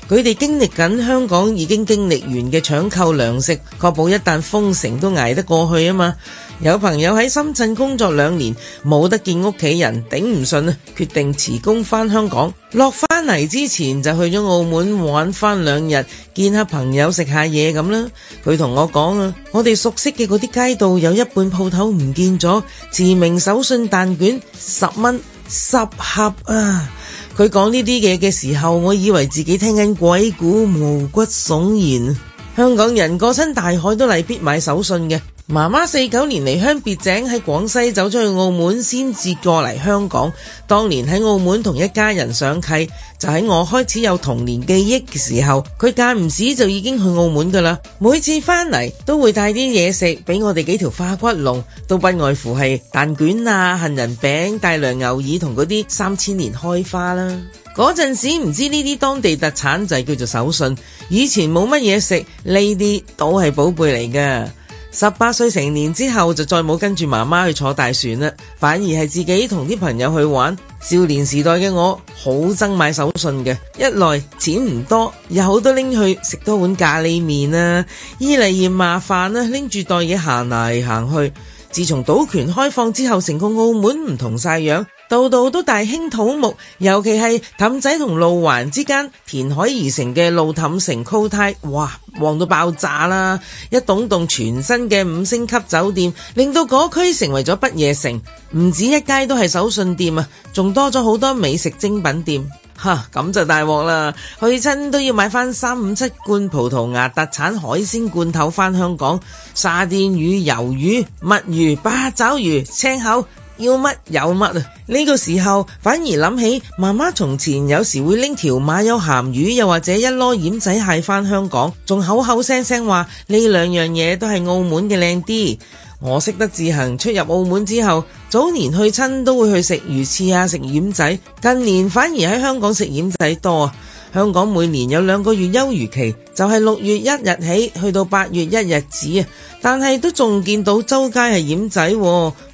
佢哋經歷緊香港已經經歷完嘅搶購糧食，確保一旦封城都捱得過去啊嘛。有朋友喺深圳工作兩年，冇得見屋企人，頂唔順啊，決定辭工返香港。落返嚟之前就去咗澳門玩翻兩日，見下朋友食下嘢咁啦。佢同我講啊，我哋熟悉嘅嗰啲街道有一半鋪頭唔見咗，馳名手信蛋卷十蚊。十盒啊！佢講呢啲嘢嘅時候，我以為自己聽緊鬼故，毛骨悚然。香港人過親大海都未必買手信嘅。媽媽四九年離鄉別井喺廣西，走咗去澳門，先至過嚟香港。當年喺澳門同一家人上契，就喺我開始有童年記憶嘅時候，佢間唔時就已經去澳門噶啦。每次翻嚟都會帶啲嘢食俾我哋幾條化骨龍，都不外乎係蛋卷啊、杏仁餅、大良牛耳同嗰啲三千年開花啦。嗰陣時唔知呢啲當地特產就係叫做手信。以前冇乜嘢食，呢啲都係寶貝嚟噶。十八歲成年之後就再冇跟住媽媽去坐大船啦，反而係自己同啲朋友去玩。少年時代嘅我好憎買手信嘅，一來錢唔多，有好多拎去食多碗咖喱麵啊，二嚟嫌麻煩啦，拎住袋嘢行嚟行去。自從賭權開放之後，成個澳門唔同晒樣。度度都大興土木，尤其係氹仔同路環之間填海而成嘅路氹城 Cotai，哇，旺到爆炸啦！一棟棟全新嘅五星級酒店，令到嗰區成為咗不夜城。唔止一街都係手信店啊，仲多咗好多美食精品店。哈，咁就大鑊啦！去親都要買翻三五七罐葡萄牙特產海鮮罐頭返香港，沙甸魚、魷魚、墨魚、八爪魚、青口。要乜有乜啊！呢個時候反而諗起媽媽從前有時會拎條馬有鹹魚，又或者一籮蜆仔蟹返香港，仲口口聲聲話呢兩樣嘢都係澳門嘅靚啲。我識得自行出入澳門之後，早年去親都會去食魚翅啊，食蜆仔。近年反而喺香港食蜆仔多啊。香港每年有兩個月休漁期，就係、是、六月一日起去到八月一日止。啊！但係都仲見到周街係奄仔，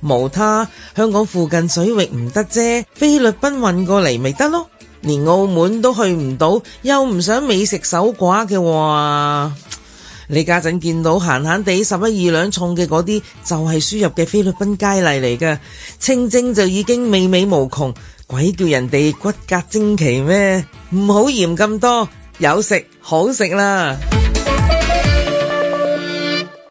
無他，香港附近水域唔得啫，菲律賓運過嚟咪得咯。連澳門都去唔到，又唔想美食守寡嘅話，你家陣見到閒閒地十一二兩重嘅嗰啲，就係、是、輸入嘅菲律賓佳麗嚟㗎，清蒸就已經美味無窮。鬼叫人哋骨骼精奇咩？唔好嫌咁多，有食好食啦！